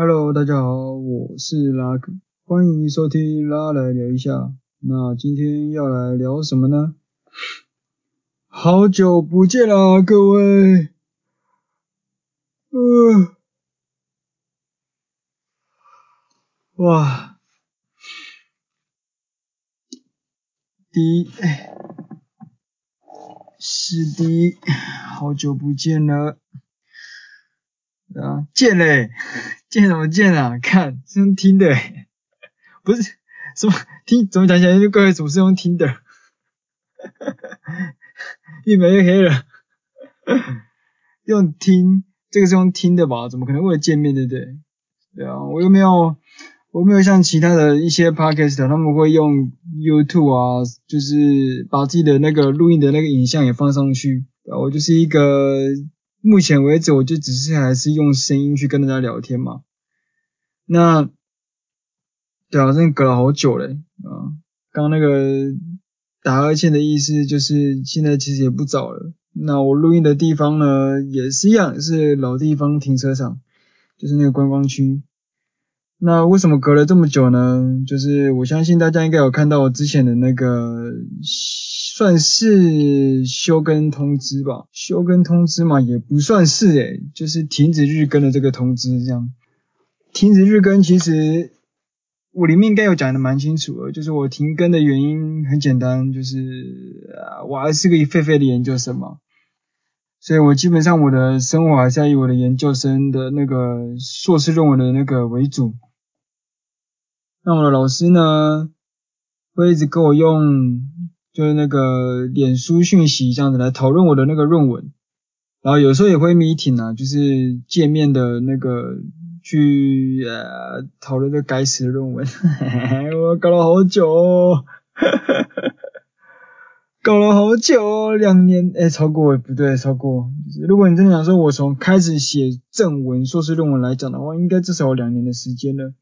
Hello，大家好，我是拉哥，歡迎收聽拉來聊一下。那今天要來聊什麼呢？好久不見啦，各位。哇、呃、哇，迪，誒，是迪，好久不見了，啊，見嘞。見什麼見啊？看是用聽的、欸，不是什麼聽？怎麼講起來？各位怎麼是用聽的？哈哈哈越描越黑了。 用聽，這個是用聽的吧？怎麼可能為了見面，對不對？對啊，我又沒有，我又沒有像其他的一些 podcast，他們會用 YouTube 啊，就是把自己的那個錄音的那個影像也放上去。然後、啊、我就是一個，目前為止我就只是還是用聲音去跟大家聊天嘛。那對啊，真隔了好久嘞，啊，剛那個打哈欠的意思就是現在其實也不早了。那我錄音的地方呢也是一樣，是老地方停車場，就是那個觀光區。那為什麼隔了這麼久呢？就是我相信大家應該有看到我之前的那個算是休更通知吧，休更通知嘛也不算是誒，就是停止日更的這個通知這樣。停止日更，其實我裡面應該有講的蠻清楚的，就是我停更的原因很簡單，就是啊我還是個一廢廢的研究生嘛，所以我基本上我的生活還是以我的研究生的那個碩士論文的那個為主。那我的老師呢，會一直跟我用就是那個臉書訊息這樣子來討論我的那個論文，然後有時候也會 meeting 啊，就是見面的那個。去呃，討論這該死的論文， 我搞了好久哦， 搞了好久哦，兩年哎、欸、超過，不對，超過，如果你真的想說我從開始寫正文碩士論文來講的話，應該至少有兩年的時間了。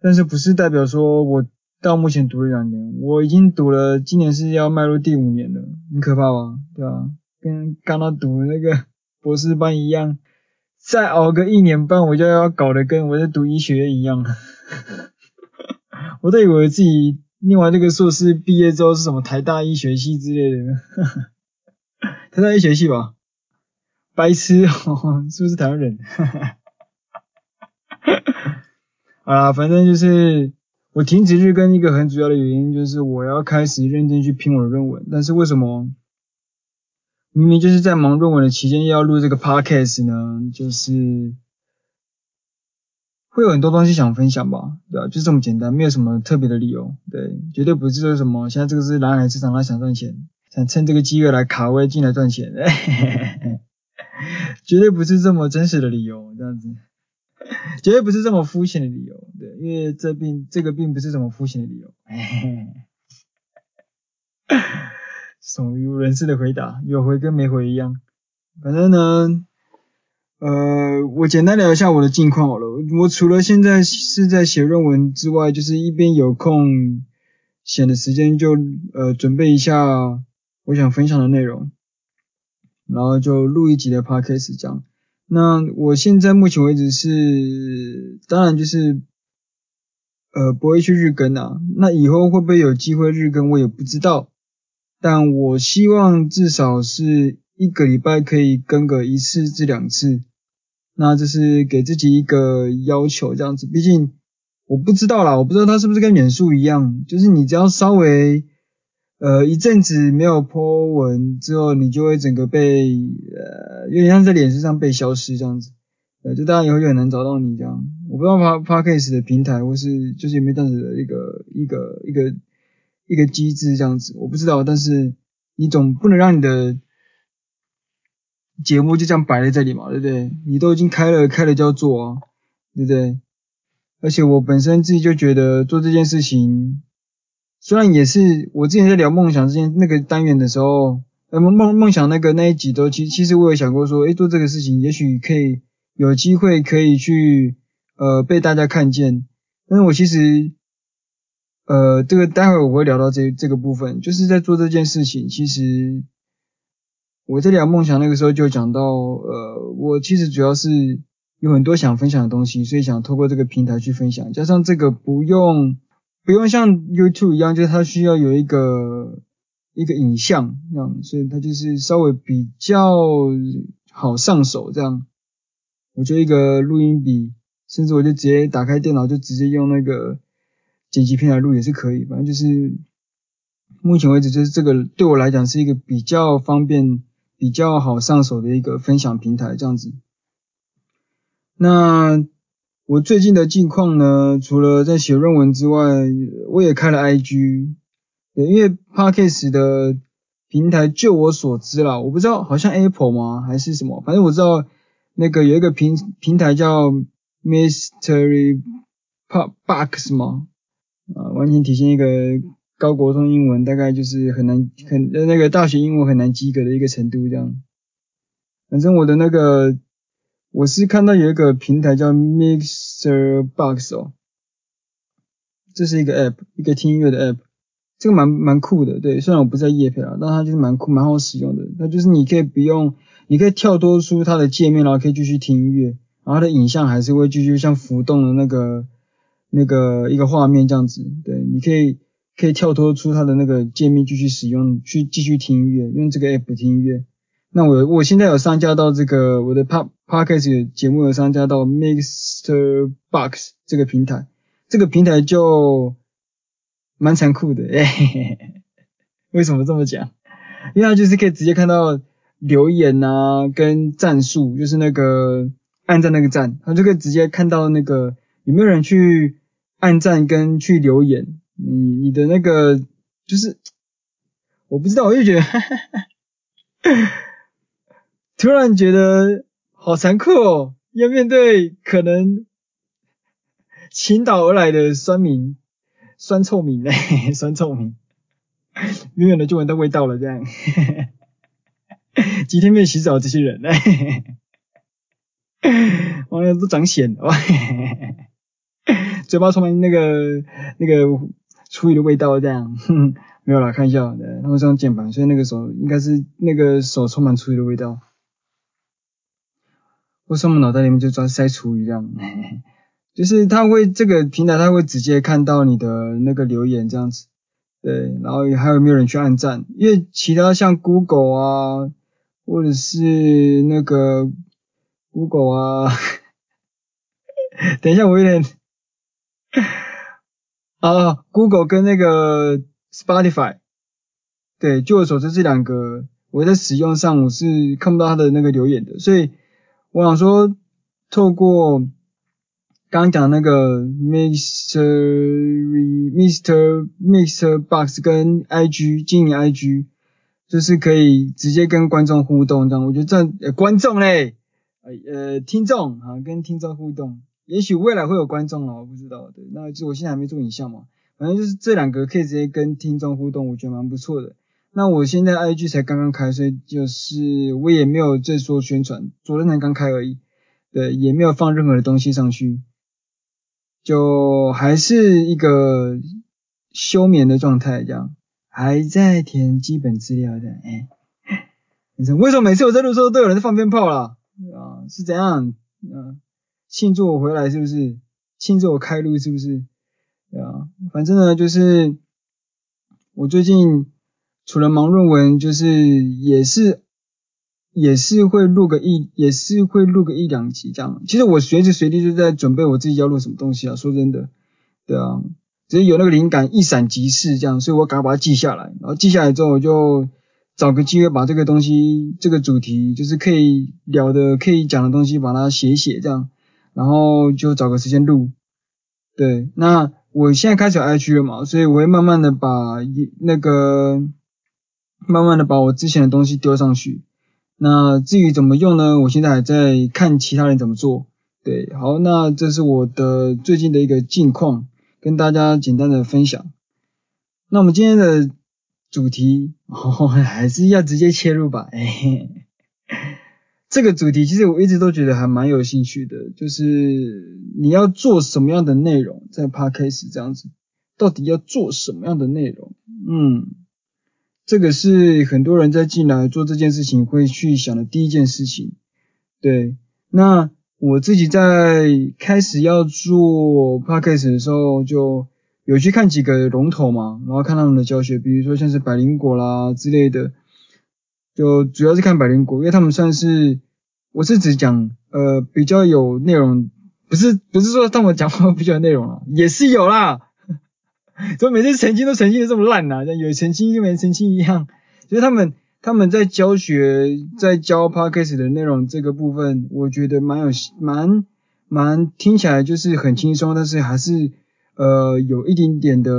但是不是代表說我到目前讀了兩年？我已經讀了，今年是要邁入第五年了，很可怕吧？對吧、啊？跟剛剛讀的那個博士班一樣。再熬個一年半，我就要搞得跟我在讀醫學院一樣。我都以為自己念完這個碩士畢業之後是什麼台大醫學系之類的，哈哈，台大醫學系吧？白痴是不是台灣人？哈哈，啊，反正就是我停止日更一個很主要的原因，就是我要開始認真去拼我的論文。但是為什麼？明明就是在忙論文的期間，又要錄這個 podcast 呢？就是會有很多東西想分享吧，對吧、啊？就是這麼簡單，沒有什麼特別的理由，對，絕對不是說什麼現在這個是藍海市場，他想賺錢，想趁這個機會來卡位進來賺錢嘿嘿嘿，絕對不是這麼真實的理由，這樣子，絕對不是這麼膚淺的理由，對，因為這並這個並不是什麼膚淺的理由。嘿嘿 聳人事的回答，有回跟沒回一樣。反正呢，呃，我簡單聊一下我的近況好了。我除了現在是在寫論文之外，就是一邊有空閒的時間就呃準備一下我想分享的內容，然後就錄一集的 podcast。這樣。那我現在目前為止是，當然就是呃不會去日更啊。那以後會不會有機會日更，我也不知道。但我希望至少是一個禮拜可以更個一次至兩次，那就是給自己一個要求這樣子。畢竟我不知道啦，我不知道它是不是跟臉書一樣，就是你只要稍微呃一陣子沒有 po 文之後，你就會整個被呃有點像在臉書上被消失這樣子，呃就大家以後就很難找到你這樣。我不知道 Podcast 的平台或是就是有沒有這樣子的一個一個一個。一個一個機制這樣子，我不知道，但是你總不能讓你的節目就這樣擺在這裡嘛，對不對？你都已經開了開了就要做啊，對不對？而且我本身自己就覺得做這件事情，雖然也是我之前在聊夢想之間那個單元的時候，呃、夢夢夢想那個那一集都，其實其實我有想過說，誒，做這個事情也許可以有機會可以去呃被大家看見，但是我其實。呃，這個待會我會聊到這這個部分，就是在做這件事情。其實我在聊夢想那個時候就講到，呃，我其實主要是有很多想分享的東西，所以想透過這個平台去分享。加上這個不用不用像 YouTube 一樣，就是它需要有一個一個影像，這樣，所以它就是稍微比較好上手這樣。我就一個錄音筆，甚至我就直接打開電腦，就直接用那個。剪輯平台錄也是可以，反正就是目前為止，就是這個對我來講是一個比較方便、比較好上手的一個分享平台這樣子。那我最近的近況呢？除了在寫論文之外，我也開了 IG。對，因為 Podcast 的平台，就我所知啦，我不知道好像 Apple 嗎還是什麼，反正我知道那個有一個平平台叫 Mystery Box 嘛。啊，完全體現一個高國中英文大概就是很難很那個大學英文很難及格的一個程度這樣。反正我的那個我是看到有一個平台叫 Mixer Box 哦，這是一個 App，一個聽音樂的 App，這個蠻蠻酷的。對，雖然我不在業配啦，但它就是蠻酷蠻好使用的。它就是你可以不用，你可以跳多出它的界面然後可以繼續聽音樂，然後它的影像還是會繼續像浮動的那個。那個一個畫面這樣子，對，你可以可以跳脫出它的那個界面，繼續使用，去繼續聽音樂，用這個 app 聽音樂。那我我現在有上架到這個我的 Podcast 節目，有上架到 MixerBox 這個平台，這個平台就蠻殘酷的，嘿嘿嘿，為什麼這麼講？因為它就是可以直接看到留言吶、啊，跟讚數，就是那個按在那個讚，它就可以直接看到那個有沒有人去。按讚跟去留言，你你的那個就是，我不知道，我就覺得呵呵，突然覺得好殘酷哦，要面對可能，傾倒而來的酸民，酸臭民呢，酸臭民，遠遠的就聞到味道了，這樣，呵呵幾天沒洗澡這些人呢，哇，都長癬了，哇、哦。呵呵嘴巴充滿那個那個廚餘的味道這樣呵呵，沒有啦，看一下，對，他們是用鍵盤，所以那個手應該是那個手充滿廚餘的味道，或是我們腦袋裡面就裝塞廚餘這樣，就是他會這個平台他會直接看到你的那個留言這樣子，對，然後還有沒有人去按讚？因為其他像 Google 啊，或者是那個 Google 啊， 等一下我有點。啊、uh，Google 跟那個 Spotify，對，據我所知這兩個我在使用上我是看不到他的那個留言的，所以我想說透過剛剛講那個 Mr. Mr. Mr. Box 跟 IG 經營 IG，就是可以直接跟觀眾互動這樣，我覺得這、呃、觀眾嘞，呃呃聽眾啊跟聽眾互動。也許未來會有觀眾、哦、我不知道。對，那就我現在還沒做影像嘛，反正就是這兩個可以直接跟聽眾互動，我覺得蠻不錯的。那我現在 IG 才剛剛開，所以就是我也沒有在做宣傳，昨天才剛開而已。對，也沒有放任何的東西上去，就還是一個休眠的狀態這樣，還在填基本資料的。誒、欸、為什麼每次我在路上都有人在放鞭炮啦？啊，是怎樣？嗯、啊。慶祝我回來是不是？慶祝我開錄是不是？對啊，反正呢就是我最近除了忙論文，就是也是也是會錄個一也是會錄個一兩集這樣。其實我隨時隨地就在準備我自己要錄什麼東西啊，說真的，對啊，只是有那個靈感一閃即逝這樣，所以我趕快把它記下來，然後記下來之後我就找個機會把這個東西這個主題就是可以聊的可以講的東西把它寫一寫這樣。然後就找個時間錄，對，那我現在開始 I G 了嘛，所以我會慢慢的把一那個慢慢的把我之前的東西丟上去。那至於怎麼用呢？我現在還在看其他人怎麼做，對，好，那這是我的最近的一個近況，跟大家簡單的分享。那我們今天的主題，哦、還是要直接切入吧，哎嘿。這個主題其實我一直都覺得還蠻有興趣的，就是你要做什麼樣的內容，在 podcast 這樣子，到底要做什麼樣的內容？嗯，這個是很多人在進來做這件事情會去想的第一件事情。對，那我自己在開始要做 podcast 的時候，就有去看幾個龍頭嘛，然後看他們的教學，比如說像是百靈果啦之類的。就主要是看百靈果，因為他們算是，我是只講，呃，比較有內容，不是不是說他們講話比較內容啊，也是有啦。怎 麼每次澄清都澄清的這麼爛呢、啊？有澄清跟沒澄清一樣。所以他們他們在教學，在教 Podcast 的內容這個部分，我覺得蠻有蠻蠻，蠻聽起來就是很輕鬆，但是還是呃，有一點點的，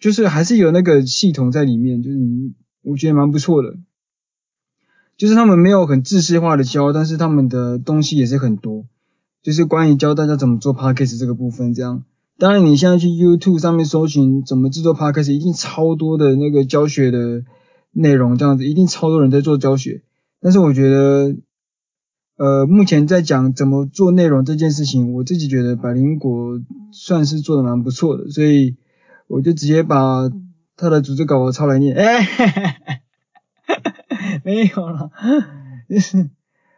就是還是有那個系統在裡面，就是你，我覺得蠻不錯的。就是他們沒有很制式化的教，但是他們的東西也是很多，就是關於教大家怎麼做 Podcast 這個部分這樣。當然你現在去 YouTube 上面搜尋怎麼製作 Podcast，一定超多的那個教學的內容這樣子，一定超多人在做教學。但是我覺得，呃，目前在講怎麼做內容這件事情，我自己覺得百靈果算是做的蠻不錯的，所以我就直接把他的組織稿我抄來念，哎。 沒有啦，就是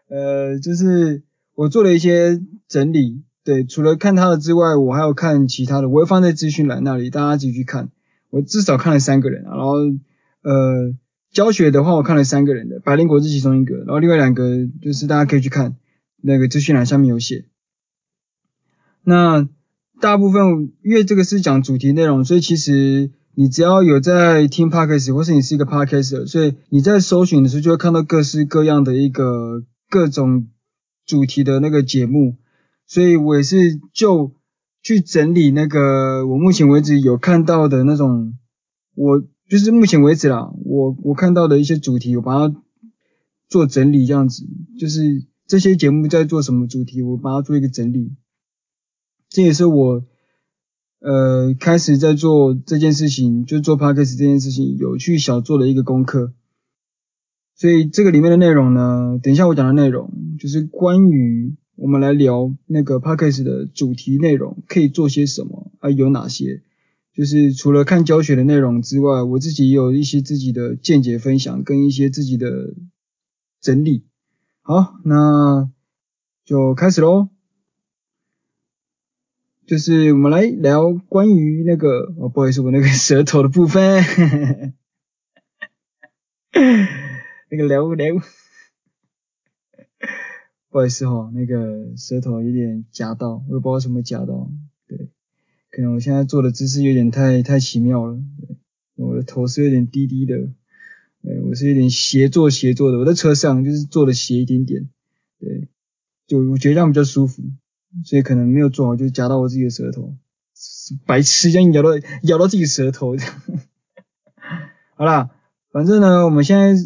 呃，就是我做了一些整理，對，除了看他的之外，我還有看其他的，我會放在資訊欄那裡，大家自己去看。我至少看了三個人啊，然後呃，教學的話我看了三個人的，百靈果是其中一個，然後另外兩個就是大家可以去看，那個資訊欄下面有寫。那大部分因為這個是講主題內容，所以其實。你只要有在聽 podcast，或是你是一個 podcaster，所以你在搜尋的時候就會看到各式各樣的一個各種主題的那個節目。所以我也是就去整理那個我目前為止有看到的那種，我就是目前為止啦，我我看到的一些主題，我把它做整理這樣子，就是這些節目在做什麼主題，我把它做一個整理。這也是我。呃，開始在做這件事情，就做 Podcast 這件事情，有去小做了一個功課。所以這個裡面的內容呢，等一下我講的內容，就是關於我們來聊那個 Podcast 的主題內容，可以做些什麼啊？有哪些？就是除了看教學的內容之外，我自己也有一些自己的見解分享，跟一些自己的整理。好，那就開始嘍。就是我們來聊關於那個哦、oh，不好意思，我那個舌頭的部分，那個聊不聊 不好意思哈、哦，那個舌頭有點夾到，我也不知道什麼夾到，對，可能我現在坐的姿勢有點太太奇妙了，我的頭是有點低低的，對，我是有點斜坐斜坐的，我在車上就是坐的斜一點點，對，就我覺得這樣比較舒服。所以可能沒有做好，就夾到我自己的舌頭，白痴，讓你咬到咬到自己舌頭呵呵。好啦，反正呢，我們現在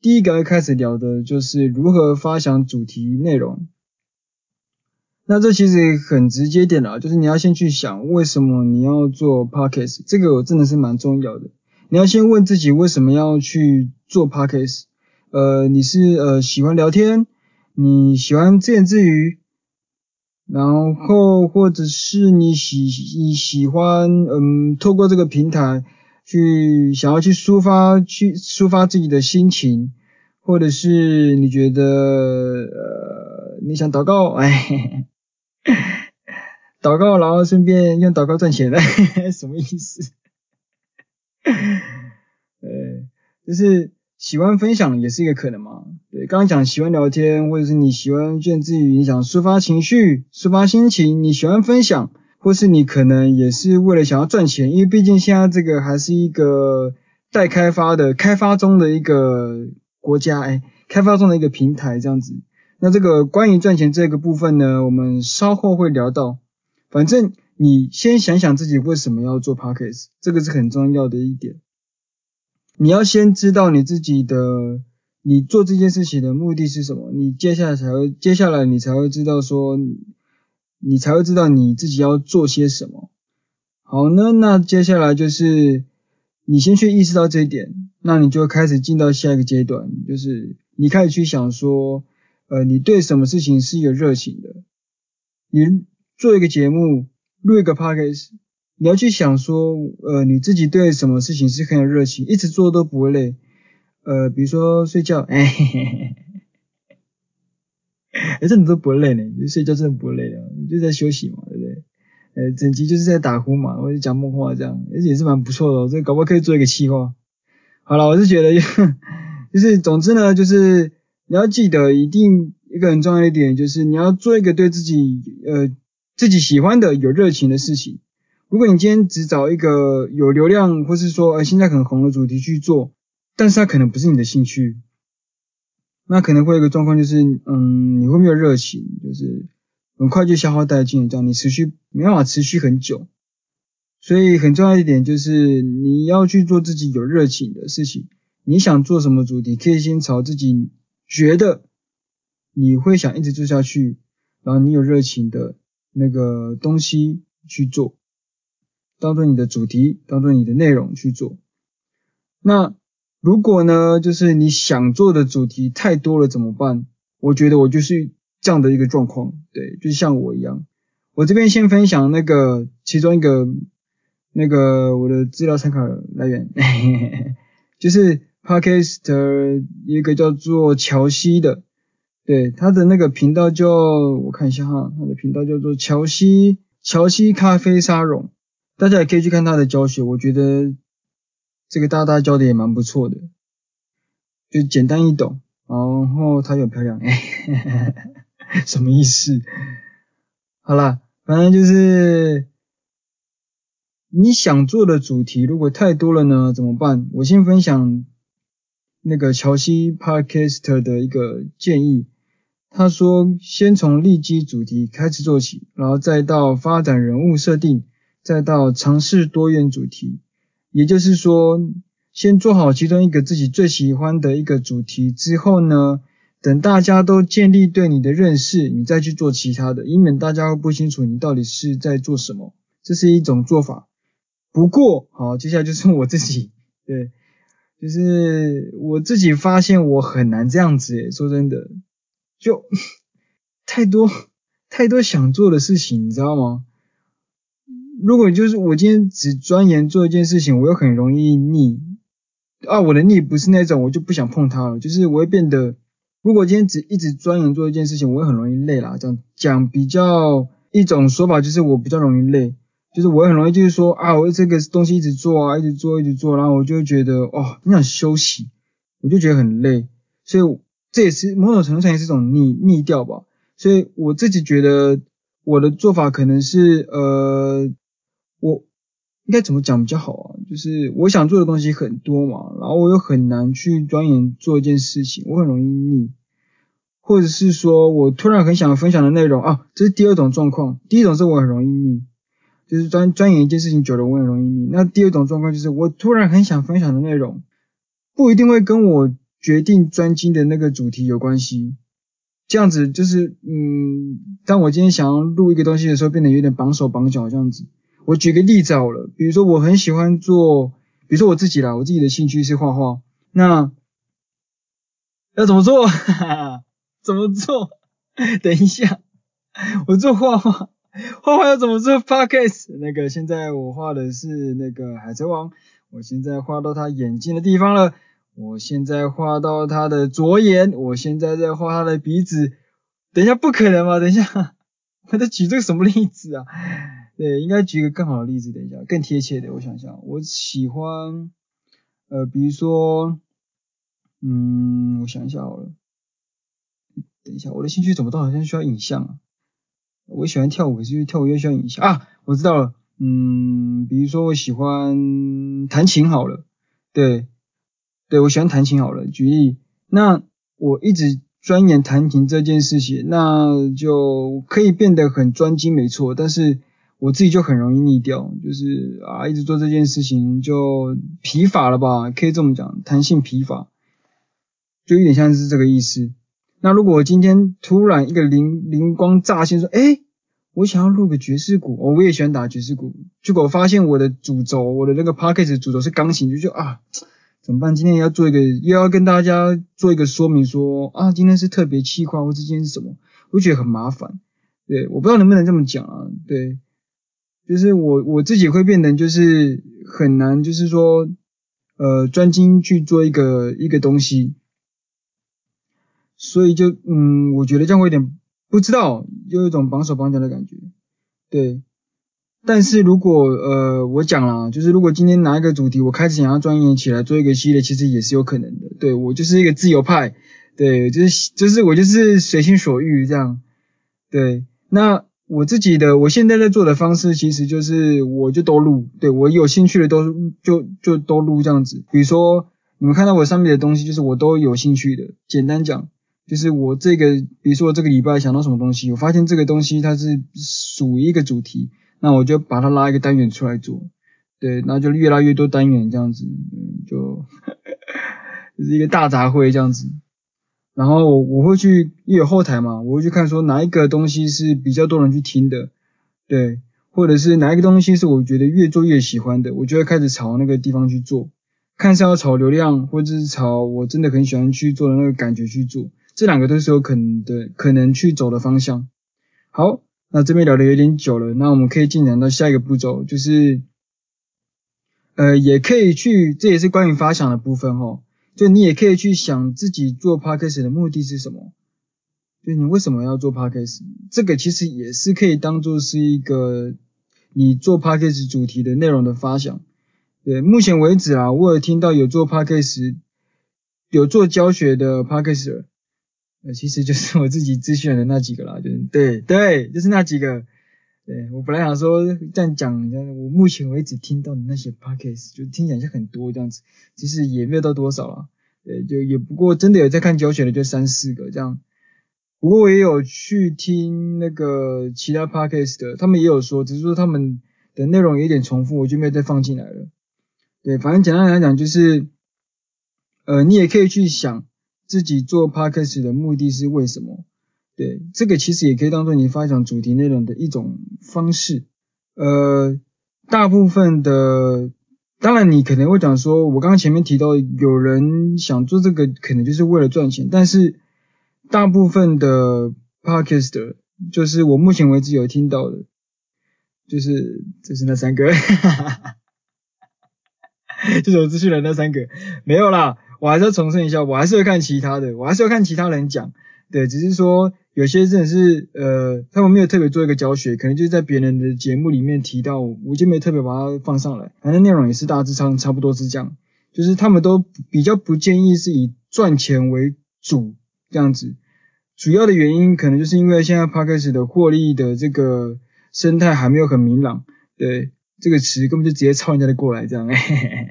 第一個要開始聊的就是如何發想主題內容。那這其實很直接一點啦，就是你要先去想為什麼你要做 podcast，這個真的是蠻重要的。你要先問自己為什麼要去做 podcast，呃，你是呃喜歡聊天，你喜歡自言自語。然後，或者是你喜你喜歡，嗯，透過這個平台去想要去抒發，去抒發自己的心情，或者是你覺得，呃，你想禱告，哎，呵呵禱告，然後順便用禱告賺錢唄，什麼意思？呃，就是。喜歡分享也是一個可能嘛？對，剛剛講喜歡聊天，或者是你喜歡見自己影響抒發情緒、抒發心情。你喜歡分享，或是你可能也是為了想要賺錢，因為畢竟現在這個還是一個待開發的、開發中的一個國家，哎，開發中的一個平台這樣子。那這個關於賺錢這個部分呢，我們稍後會聊到。反正你先想想自己為什麼要做 Podcast，這個是很重要的一點。你要先知道你自己的，你做這件事情的目的是什麼，你接下來才會，接下來你才會知道說，你才會知道你自己要做些什麼。好呢，那接下來就是你先去意識到這一點，那你就開始進到下一個階段，就是你開始去想說，呃，你對什麼事情是有熱情的，你做一個節目，錄一個 podcast。你要去想說，呃，你自己對什麼事情是很有熱情，一直做都不會累。呃，比如說睡覺，哎，哎，這你都不累呢，你睡覺真的不累啊，你就在休息嘛，對不對？呃，整集就是在打呼嘛，或者講夢話這樣，而且也是蠻不錯的哦，這搞不好可以做一個企劃。好了，我是覺得，就是總之呢，就是你要記得一定一個很重要的一點，就是你要做一個對自己，呃，自己喜歡的有熱情的事情。如果你今天只找一個有流量，或是說呃現在很紅的主題去做，但是它可能不是你的興趣，那可能會有一個狀況就是，嗯，你會沒有熱情，就是很快就消耗殆盡，這樣你持續沒辦法持續很久。所以很重要一點就是你要去做自己有熱情的事情。你想做什麼主題，可以先朝自己覺得你會想一直做下去，然後你有熱情的那個東西去做，當做你的主題，當做你的內容去做。那如果呢，就是你想做的主題太多了怎麼辦？我覺得我就是這樣的一個狀況，對，就像我一樣。我這邊先分享那個其中一個，那個我的資料參考來源， 就是 Podcaster 一個叫做喬西的，對，他的那個頻道叫，我看一下哈、啊，他的頻道叫做喬西喬西咖啡沙龍。大家也可以去看他的教學，我覺得這個大大教的也蠻不錯的，就簡單易懂，然後他有漂亮、欸， 什麼意思？好啦，反正就是你想做的主題如果太多了呢，怎麼辦？我先分享那個喬西 Podcast 的一個建議，他說先從利基主題開始做起，然後再到發展人物設定。再到嘗試多元主題，也就是說，先做好其中一個自己最喜歡的一個主題之後呢，等大家都建立對你的認識，你再去做其他的，以免大家會不清楚你到底是在做什麼。這是一種做法。不過，好，接下來就是我自己，對，就是我自己發現我很難這樣子誒，說真的，就太多太多想做的事情，你知道嗎？如果就是我今天只鑽研做一件事情，我又很容易膩啊。我的膩不是那種我就不想碰它了，就是我會變得，如果今天只一直鑽研做一件事情，我會很容易累啦。這樣講比較一種說法，就是我比較容易累，就是我很容易就是說啊，我這個東西一直做啊，一直做，一直做，然後我就覺得哦，你想休息，我就覺得很累。所以這也是某種程度上也是一種膩，膩掉吧。所以我自己覺得我的做法可能是呃。應該怎麼講比較好啊？就是我想做的東西很多嘛，然後我又很難去鑽研做一件事情，我很容易膩，或者是說我突然很想分享的內容啊，這是第二種狀況。第一種是我很容易膩，就是鑽鑽研一件事情久了，我很容易膩。那第二種狀況就是我突然很想分享的內容，不一定會跟我決定專精的那個主題有關係。這樣子就是，嗯，當我今天想要錄一個東西的時候，變得有點綁手綁腳這樣子。我舉個例子好了，比如說我很喜歡做，比如說我自己啦，我自己的興趣是畫畫。那要怎麼做？ 怎麼做？等一下，我做畫畫，畫畫要怎麼做？Podcast 那個現在我畫的是那個海賊王，我現在畫到他眼睛的地方了，我現在畫到他的左眼，我現在在畫他的鼻子。等一下，不可能吧？等一下，我在舉這個什麼例子啊？對，應該舉個更好的例子，等一下，更貼切的，我想想，我喜歡，呃，比如說，嗯，我想一下好了，等一下，我的興趣怎麼都好像需要影像啊。我喜歡跳舞，因為跳舞又需要影像啊。我知道了，嗯，比如說我喜歡彈琴好了，對，對，我喜歡彈琴好了，舉例，那我一直鑽研彈琴這件事情，那就可以變得很專精，沒錯，但是。我自己就很容易膩掉，就是啊，一直做這件事情就疲乏了吧，可以這麼講，彈性疲乏，就有點像是這個意思。那如果我今天突然一個靈靈光乍現，說，哎、欸，我想要錄個爵士鼓、哦，我也喜歡打爵士鼓。結果我發現我的主軸，我的那個 podcast 主軸是鋼琴，就就啊，怎麼辦？今天也要做一個，又要跟大家做一個說明說，說啊，今天是特別企劃，或今天是什麼？我就覺得很麻煩。對，我不知道能不能這麼講啊，對。就是我我自己會變得就是很難，就是說，呃，專精去做一個一個東西，所以就嗯，我覺得這樣會有點不知道，就有一種綁手綁腳的感覺，對。但是如果呃，我講了，就是如果今天拿一個主題，我開始想要鑽研起來做一個系列，其實也是有可能的，對，我就是一個自由派，對，就是就是我就是隨心所欲這樣，對，那。我自己的，我現在在做的方式，其實就是我就都錄，對，我有興趣的都就就都錄這樣子。比如說你們看到我上面的東西，就是我都有興趣的。簡單講，就是我這個，比如說我這個禮拜想到什麼東西，我發現這個東西它是屬於一個主題，那我就把它拉一個單元出來做，對，然後就越來越多單元這樣子，嗯，就就是一個大雜燴這樣子。然後我會去，因為有後台嘛，我會去看說哪一個東西是比較多人去聽的，對，或者是哪一個東西是我覺得越做越喜歡的，我就會開始朝那個地方去做，看是要朝流量，或者是朝我真的很喜歡去做的那個感覺去做，這兩個都是有可能的，可能去走的方向。好，那這邊聊得有點久了，那我們可以進展到下一個步驟，就是，呃，也可以去，這也是關於發想的部分吼、哦。就你也可以去想自己做 podcast 的目的是什麼，就你為什麼要做 podcast，這個其實也是可以當做是一個你做 podcast 主題的內容的發想。對，目前為止啊，我有聽到有做 podcast，有做教學的 podcast，呃，其實就是我自己自選的那幾個啦，就是對對，就是那幾個。對，我本來想說這樣講，我目前為止聽到的那些 podcast 就聽起來就很多這樣子，其實也沒有到多少啦。對，就也不過真的有在看教學的就三四個這樣。不過我也有去聽那個其他 podcast 的，他們也有說，只是說他們的內容有一點重複，我就沒有再放進來了。對，反正簡單來講就是，呃，你也可以去想自己做 podcast 的目的是為什麼。對，這個其實也可以當做你發想主題內容的一種方式。呃，大部分的，當然你可能會講說，我剛剛前面提到有人想做這個，可能就是為了賺錢。但是大部分的 podcast 就是我目前為止有聽到的，就是就是那三個，哈哈哈哈哈，是資訊的那三個，沒有啦，我還是要重申一下，我還是要看其他的，我還是要看其他人講。對，只是說。有些真的是，呃，他們沒有特別做一個教學，可能就是在別人的節目裡面提到，我就沒特別把它放上來。反正內容也是大致上差不多是這樣，就是他們都比較不建議是以賺錢為主這樣子。主要的原因可能就是因為現在 podcast 的獲利的這個生態還沒有很明朗。對，這個詞根本就直接抄人家的過來這樣嘿嘿。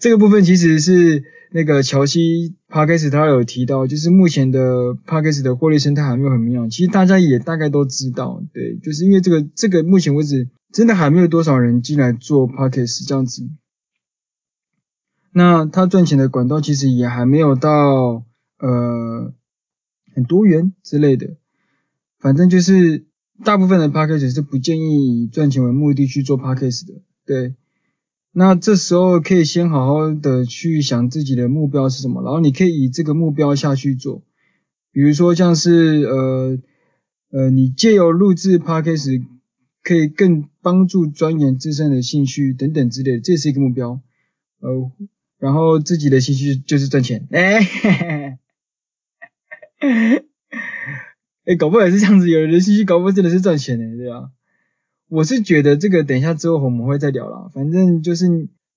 這個部分其實是。那個喬西 Podcast 他有提到，就是目前的 Podcast 的獲利生態還沒有很明朗。其實大家也大概都知道，對，就是因為這個這個目前為止真的還沒有多少人進來做 Podcast 這樣子。那他賺錢的管道其實也還沒有到呃很多元之類的。反正就是大部分的 Podcast 是不建議以賺錢為目的去做 Podcast 的，對。那這時候可以先好好的去想自己的目標是什麼，然後你可以以這個目標下去做，比如說像是呃呃，你借由錄製 podcast 可以更幫助鑽研自身的興趣等等之類的，這是一個目標。哦、呃，然後自己的興趣就是賺錢。哎，哎，搞不好也是這樣子，有人的興趣搞不好真的是賺錢的、欸，對啊。我是覺得這個等一下之後我們會再聊啦，反正就是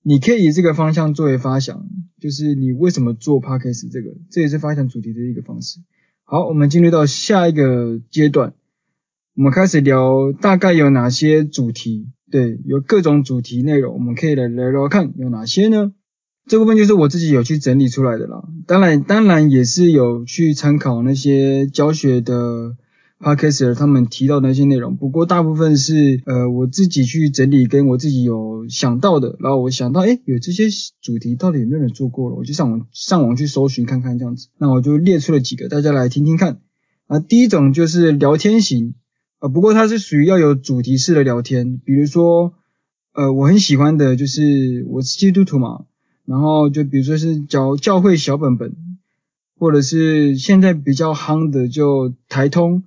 你可以以這個方向作為發想，就是你為什麼做 Podcast 這個，這也是發想主題的一個方式。好，我們進入到下一個階段，我們開始聊大概有哪些主題，對，有各種主題內容，我們可以來聊聊看有哪些呢？這部分就是我自己有去整理出來的啦，當然當然也是有去參考那些教學的。Podcaster 他們提到的那些內容，不過大部分是呃我自己去整理，跟我自己有想到的。然後我想到，哎，有這些主題到底有沒有人做過了？我就上網上網去搜尋看看這樣子。那我就列出了幾個，大家來聽聽看。啊、呃，第一種就是聊天型啊、呃，不過它是屬於要有主題式的聊天，比如說呃我很喜歡的就是我是基督徒嘛，然後就比如說是教教會小本本，或者是現在比較夯的就台通。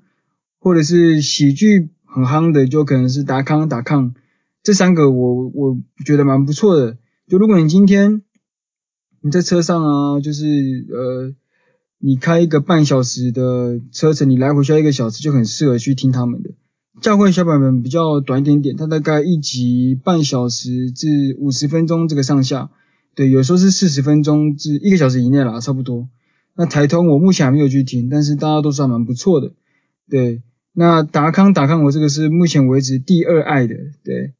或者是喜劇很夯的，就可能是達康達康這三個我，我我覺得蠻不錯的。就如果你今天你在車上啊，就是呃，你開一個半小時的車程，你來回需要一個小時，就很適合去聽他們的。教會小版本比較短一點點，它大概一集半小時至五十分鐘這個上下，對，有時候是四十分鐘至一個小時以內啦，差不多。那台通我目前還沒有去聽，但是大家都算蠻不錯的，對。那達康達康，我這個是目前為止第二愛的，對，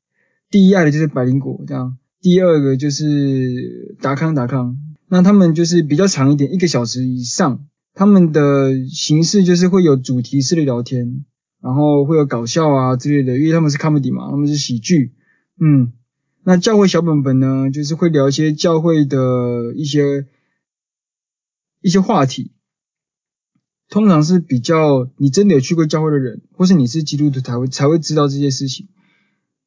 第一愛的就是百靈果這樣，第二個就是達康達康。那他們就是比較長一點，一個小時以上，他們的形式就是會有主題式的聊天，然後會有搞笑啊之類的，因為他們是 comedy 嘛，他們是喜劇。嗯，那教會小本本呢，就是會聊一些教會的一些一些話題。通常是比較你真的有去過教會的人，或是你是基督徒才會才會知道這些事情。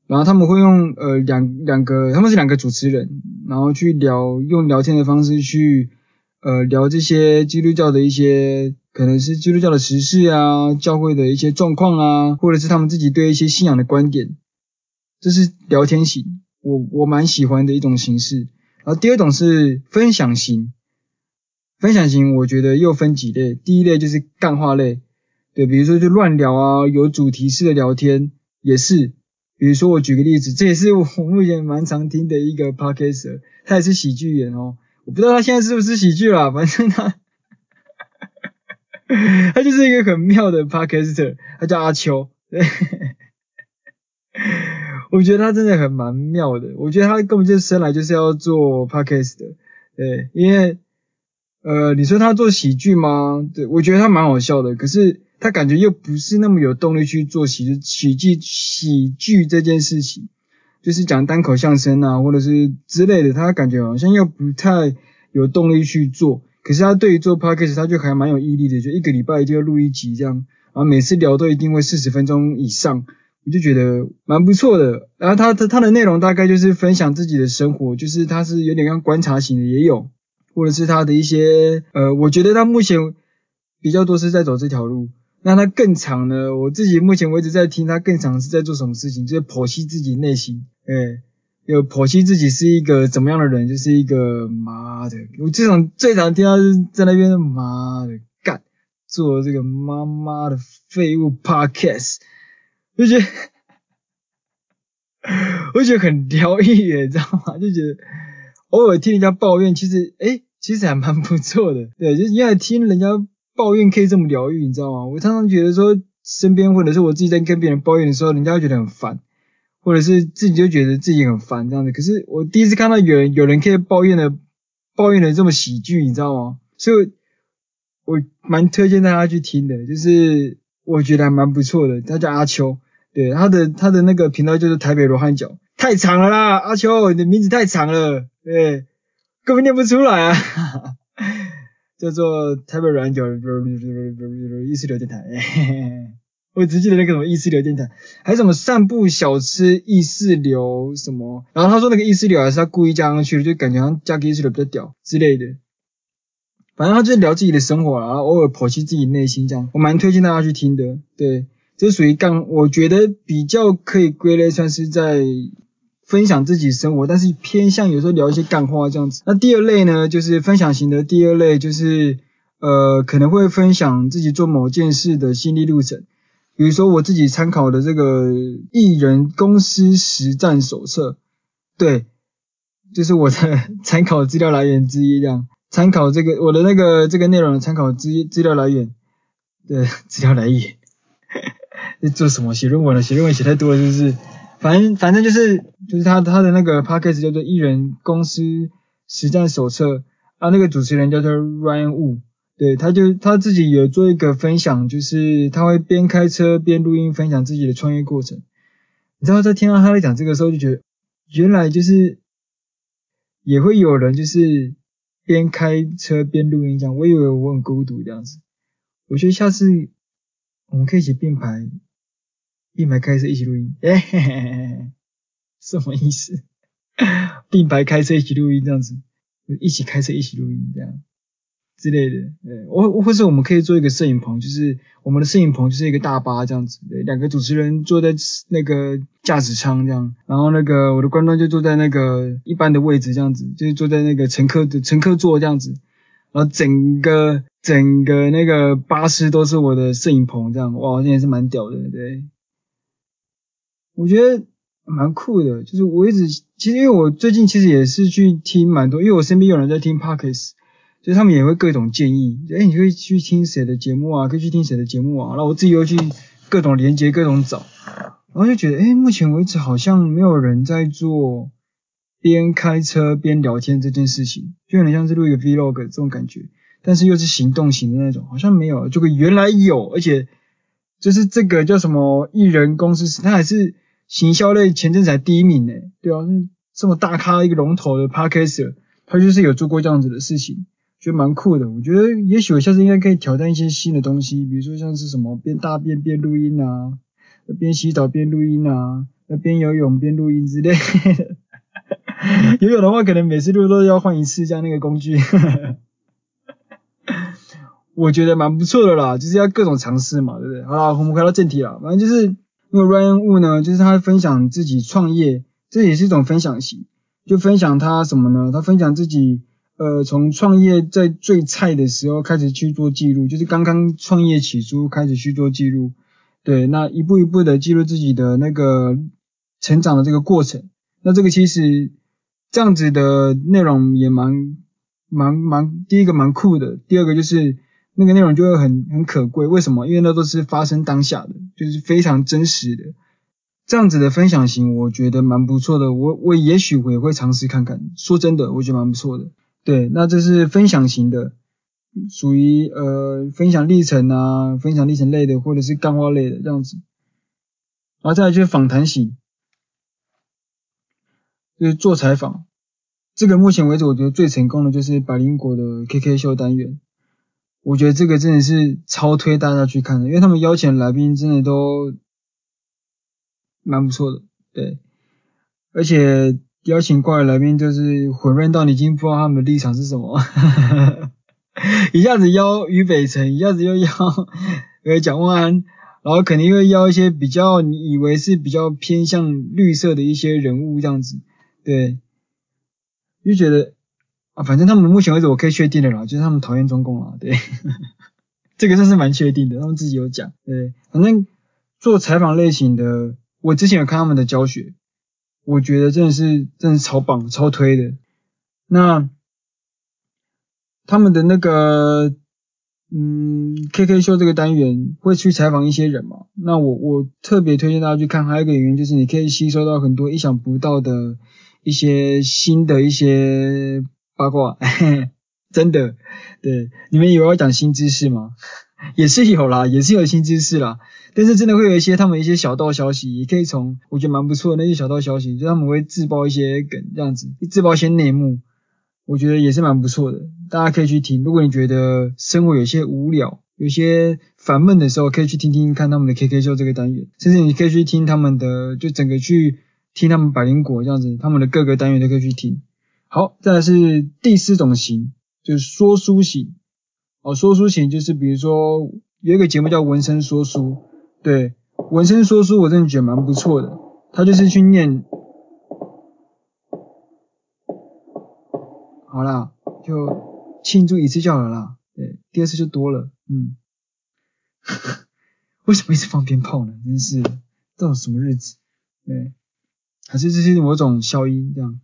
然後他們會用呃兩兩個，他們是兩個主持人，然後去聊，用聊天的方式去呃聊這些基督教的一些，可能是基督教的時事啊、教會的一些狀況啊，或者是他們自己對一些信仰的觀點。這是聊天型，我我蠻喜歡的一種形式。然後第二種是分享型。分享型我覺得又分幾類，第一類就是幹話類，對，比如說就亂聊啊，有主題式的聊天也是。比如說我舉個例子，這也是我目前蠻常聽的一個 Podcaster，他也是喜劇演員哦，我不知道他現在是不是喜劇啦，反正他， 他就是一個很妙的 Podcaster，他叫阿秋，對，我覺得他真的很蠻妙的，我覺得他根本就生來就是要做 Podcaster 對，因為。呃，你說他做喜劇嗎？對，我覺得他蠻好笑的，可是他感覺又不是那麼有動力去做喜劇、喜劇、喜劇這件事情，就是講單口相聲啊，或者是之類的，他感覺好像又不太有動力去做。可是他對於做 podcast，他就還蠻有毅力的，就一個禮拜就要錄一集這樣，然後每次聊都一定會四十分鐘以上，我就覺得蠻不錯的。然後他的、他的內容大概就是分享自己的生活，就是他是有點像觀察型的，也有。或者是他的一些，呃，我覺得他目前比較多是在走這條路。那他更常呢？我自己目前為止在聽，他更常是在做什麼事情？就是剖析自己內心，誒、欸、有剖析自己是一個怎麼樣的人，就是一個媽的！我最常、最常聽他是在那邊媽的幹，做了這個媽媽的廢物 podcast，就覺得，我覺得很療癒，你知道嗎？就覺得偶爾聽人家抱怨，其實，誒、欸。其實還蠻不錯的，對，就是因為聽人家抱怨可以這麼療癒，你知道嗎？我常常覺得說，身邊或者是我自己在跟別人抱怨的時候，人家會覺得很煩，或者是自己就覺得自己很煩這樣子。可是我第一次看到有人，有人可以抱怨的，抱怨的這麼喜劇，你知道嗎？所以我，我蠻推薦大家去聽的，就是我覺得還蠻不錯的。他叫阿秋，對，他的，他的那個頻道就是台北羅漢腳，太長了啦，阿秋，你的名字太長了，對。根本念不出來啊！叫做 type 北軟腳，意識流電台。我只記得那個什麼意識流電台，還什麼散步小吃意識流什麼。然後他說那個意識流還是他故意加上去的，就感覺他加個意識流比較屌之類的。反正他就是聊自己的生活，然後偶爾剖析自己內心這樣。我蠻推薦大家去聽的。對，這屬於剛，我覺得比較可以歸類算是在。分享自己生活，但是偏向有時候聊一些幹話這樣子。那第二類呢，就是分享型的。第二類就是，呃，可能會分享自己做某件事的心路歷程。比如說我自己參考的這個一人公司實戰手冊，對，就是我的參 考資料來源之一這樣。參考這個我的那個這個內容的參考資資料來源，對，資料來源。在 做什麼？寫論文了？寫論文寫太多了，就是，反正反正就是。就是他的他的那個 podcast 叫做《一人公司實戰手冊》，啊，那個主持人叫做 Ryan Wu，對，他就他自己有做一個分享，就是他會邊開車邊錄音，分享自己的創業過程。你知道在聽到他在講這個時候，就覺得原來就是也會有人就是邊開車邊錄音這樣，我以為我很孤獨這樣子。我覺得下次我們可以一起並排並排開車一起錄音，嘿嘿嘿嘿嘿。什麼意思？並排開車一起錄音這樣子，一起開車一起錄音這樣之類的，對。我，我或是我們可以做一個攝影棚，就是我們的攝影棚就是一個大巴這樣子，對。兩個主持人坐在那個駕駛艙這樣，然後那個我的觀眾就坐在那個一般的位置這樣子，就是坐在那個乘客的乘客座這樣子，然後整個整個那個巴士都是我的攝影棚這樣，哇，那也是蠻屌的，對。我覺得。蠻酷的，就是我一直其實因為我最近其實也是去聽蠻多，因為我身邊有人在聽 podcasts，所以他們也會各種建議，哎，你可以去聽誰的節目啊，可以去聽誰的節目啊。然後我自己又去各種連接、各種找，然後就覺得，哎，目前為止好像沒有人在做邊開車邊聊天這件事情，就有點像是錄一個 vlog 這種感覺，但是又是行動型的那種，好像沒有，就跟原來有，而且就是這個叫什麼一人公司，他還是。行銷類前陣子還第一名呢，欸，對啊，這麼大咖一個龍頭的 Parker，他就是有做過這樣子的事情，覺得蠻酷的。我覺得也許我下次應該可以挑戰一些新的東西，比如說像是什麼邊大便邊錄音啊，邊洗澡邊錄音啊，那邊游泳邊錄音啊，邊游泳邊錄音之類的。 游泳的話，可能每次錄都要換一次這樣那個工具。 我覺得蠻不錯的啦，就是要各種嘗試嘛，對不對？好了，我們回到正題啦，反正就是。因為 Ryan Wu 呢，就是他分享自己創業，這也是一種分享型，就分享他什麼呢？他分享自己，呃，從創業在最菜的時候開始去做記錄，就是剛剛創業起初開始去做記錄，對，那一步一步的記錄自己的那個成長的這個過程，那這個其實這樣子的內容也蠻蠻蠻，第一個蠻酷的，第二個就是。那個內容就會很很可貴，為什麼？因為那都是發生當下的，就是非常真實的。這樣子的分享型，我覺得蠻不錯的。我我也許我也會嘗試看看。說真的，我覺得蠻不錯的。對，那這是分享型的，屬於呃分享歷程啊、分享歷程類的，或者是乾貨類的這樣子。然後再來就是訪談型，就是做採訪。這個目前為止我覺得最成功的就是百靈果的 K K 秀單元。我覺得這個真的是超推大家去看的，因為他們邀請的來賓真的都蠻不錯的，對，而且邀請過來來賓就是混亂到你已經不知道他們的立場是什麼， 一下子邀於北辰，一下子又邀呃蔣萬安，然後肯定會邀一些比較你以為是比較偏向綠色的一些人物這樣子，對，就覺得。啊，反正他們目前為止我可以確定的啦，就是他們討厭中共啦、啊，對，呵呵這個真是蠻確定的，他們自己有講。對，反正做採訪類型的，我之前有看他們的教學，我覺得真的是真的是超棒超推的。那他們的那個嗯，K K 秀這個單元會去採訪一些人嘛？那我我特別推薦大家去看，還有一個原因就是你可以吸收到很多意想不到的一些新的一些八卦，嘿嘿，真的，對，你們有要講新知識嗎？也是有啦，也是有新知識啦。但是真的會有一些他們一些小道消息，也可以從我覺得蠻不錯的那些小道消息，就他們會自爆一些梗這樣子，自爆一些內幕，我覺得也是蠻不錯的。大家可以去聽，如果你覺得生活有些無聊、有些煩悶的時候，可以去聽聽看他們的 KK 秀這個單元，甚至你可以去聽他們的，就整個去聽他們百靈果這樣子，他們的各個單元都可以去聽。好，再來是第四種型，就是說書型。哦，說書型就是比如說有一個節目叫文生說書，對，文生說書我真的覺得蠻不錯的，他就是去念。好啦，就慶祝一次就好了啦，對，第二次就多了，嗯。 為什麼一直放鞭炮呢？真是，到什麼日子？對，還是這是某種消音這樣。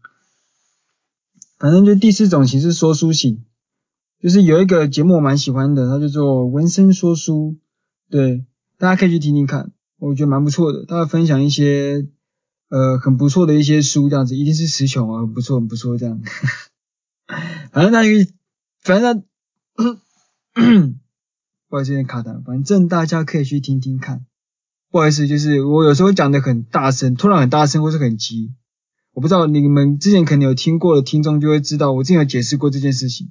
反正就第四種形式，說書型，就是有一個節目我蠻喜歡的，它就做文森說書，對，大家可以去聽聽看，我覺得蠻不錯的，大家分享一些呃很不錯的一些書，這樣子一定是詞窮啊，很不錯，很不錯這樣呵呵。反正大家可以，反正他咳咳，不好意思有點卡彈，反正大家可以去聽聽看，不好意思，就是我有時候講的很大聲，突然很大聲，或是很急。我不知道你們之前可能有聽過的聽眾就會知道，我之前有解釋過這件事情，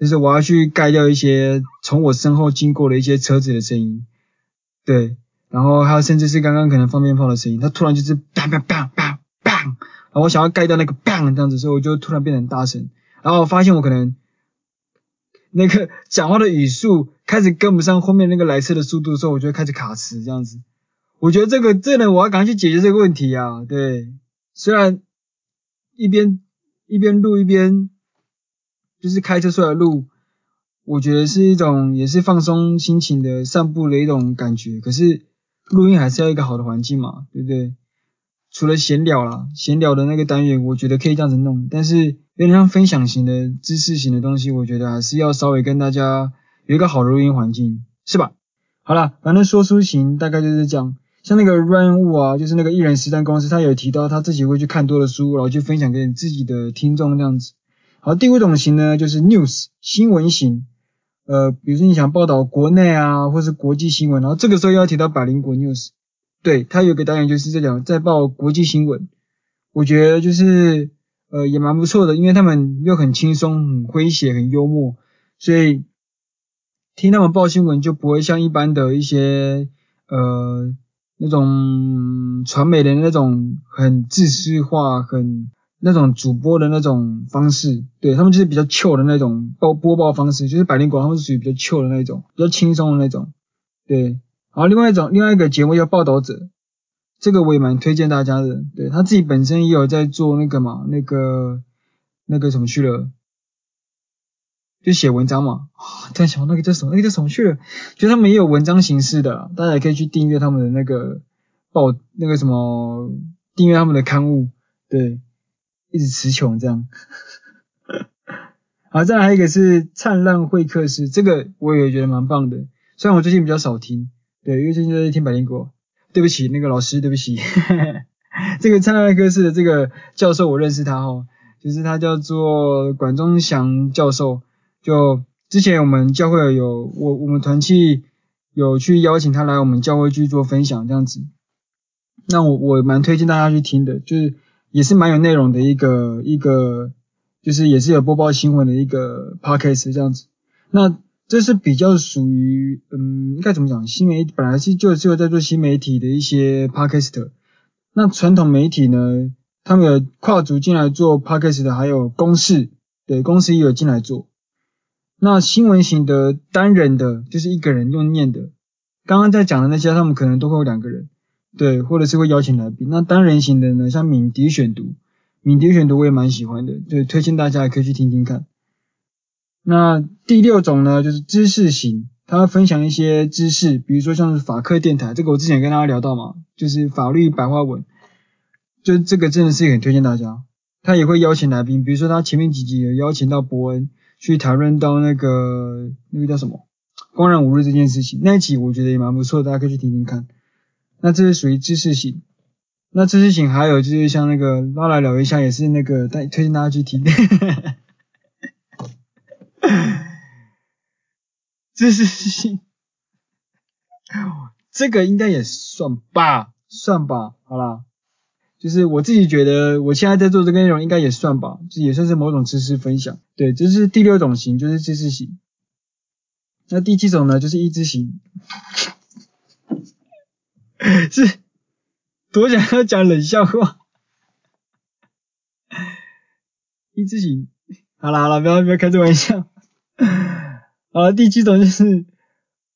就是我要去蓋掉一些從我身後經過的一些車子的聲音，對，然後還有甚至是剛剛可能放鞭炮的聲音，它突然就是 bang bang bang bang bang，然後我想要蓋掉那個 bang 這樣子的時候，我就突然變成大聲，然後我發現我可能那個講話的語速開始跟不上後面那個來車的速度的時候，我就會開始卡詞這樣子。我覺得這個，這呢，我要趕快去解決這個問題啊，對，雖然。一邊一邊錄一邊就是開車出來的錄，我覺得是一種也是放鬆心情的散步的一種感覺。可是錄音還是要一個好的環境嘛，對不對？除了閒聊啦，閒聊的那個單元，我覺得可以這樣子弄。但是有點像分享型的知識型的東西，我覺得還是要稍微跟大家有一個好的錄音環境，是吧？好了，反正說書型大概就是這樣。像那個 Run 物啊，就是那個一人實戰公司，他有提到他自己會去看多的書，然後就分享給你自己的聽眾這樣子。好，第五種型呢，就是 News 新聞型。呃，比如說你想報道國內啊，或是國際新聞，然後這個時候要提到百靈果 News，對他有給導演，就是這種在報國際新聞，我覺得就是呃也蠻不錯的，因為他們又很輕鬆、很詼諧、很幽默，所以聽他們報新聞就不會像一般的一些呃。那種傳媒人的那種很自私化，很那種主播的那種方式，對，他們就是比較 chill 的那種播播報方式，就是百靈果他們是屬於比較 chill 的那種，比較輕鬆的那種。對，然後另外一種另外一個節目叫《報導者》，這個我也蠻推薦大家的。對，他自己本身也有在做那個嘛，那個那個什麼去了。就寫文章嘛，突然想那個叫什麼？那個叫什麼我去了？就他們也有文章形式的，大家也可以去訂閱他們的那個報，那個什麼，訂閱他們的刊物，對，一直詞窮這樣。啊， 再來還有一個是燦爛會客室，這個我也覺得蠻棒的，雖然我最近比較少聽，對，因為最近在在聽百靈果。對不起，那個老師，對不起， 這個燦爛會客室的這個教授我認識他哦，就是他叫做管中祥教授。就之前我們教會有我我們團契有去邀請他來我們教會去做分享這樣子，那我我蠻推薦大家去聽的，就是也是蠻有內容的一個一個，就是也是有播報新聞的一個 podcast 這樣子。那這是比較屬於嗯，應該怎麼講，新媒體本來就是就就在做新媒體的一些 podcaster，那傳統媒體呢，他們有跨足進來做 podcast 的，還有公司，對公司也有進來做。那新聞型的單人的就是一個人用念的，剛剛在講的那些他們可能都會有兩個人，對，或者是會邀請來賓。那單人型的呢，像敏迪選讀，敏迪選讀我也蠻喜歡的，對，推薦大家也可以去聽聽看。那第六種呢，就是知識型，他分享一些知識，比如說像是法客電台，這個我之前跟大家聊到嘛，就是法律白話文，就這個真的是很推薦大家。他也會邀請來賓，比如說他前面幾集有邀請到博恩。去談論到那個那個叫什麼「公然侮辱」這件事情，那一集我覺得也蠻不錯，大家可以去聽聽看。那這是屬於知識型，那知識型還有就是像那個拉來聊一下，也是那個帶推薦大家去聽， 知識型，這個應該也算吧，算吧，好啦。就是我自己覺得，我現在在做這個內容應該也算吧，這也算是某種知識分享。對，這是第六種型，就是知識型。那第七種呢，就是意志型。 是，多講，要講冷笑話。意志型。好啦好啦，不要不要開這玩笑。好啦，第七種就是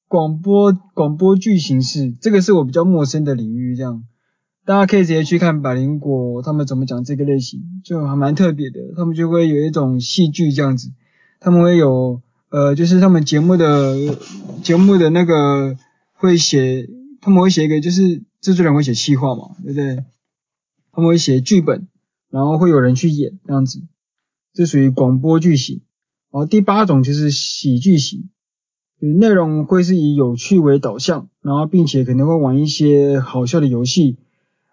廣播廣播劇形式，這個是我比較陌生的領域，這樣。大家可以直接去看百靈果他們怎麼講這個類型，就還蠻特別的。他們就會有一種戲劇這樣子，他們會有呃，就是他們節目的節目的那個會寫，他們會寫一個就是製作人會寫氣話嘛，對不對？他們會寫劇本，然後會有人去演這樣子，這屬於廣播劇型。然後第八種就是喜劇型，就內容會是以有趣為導向，然後並且可能會玩一些好笑的遊戲。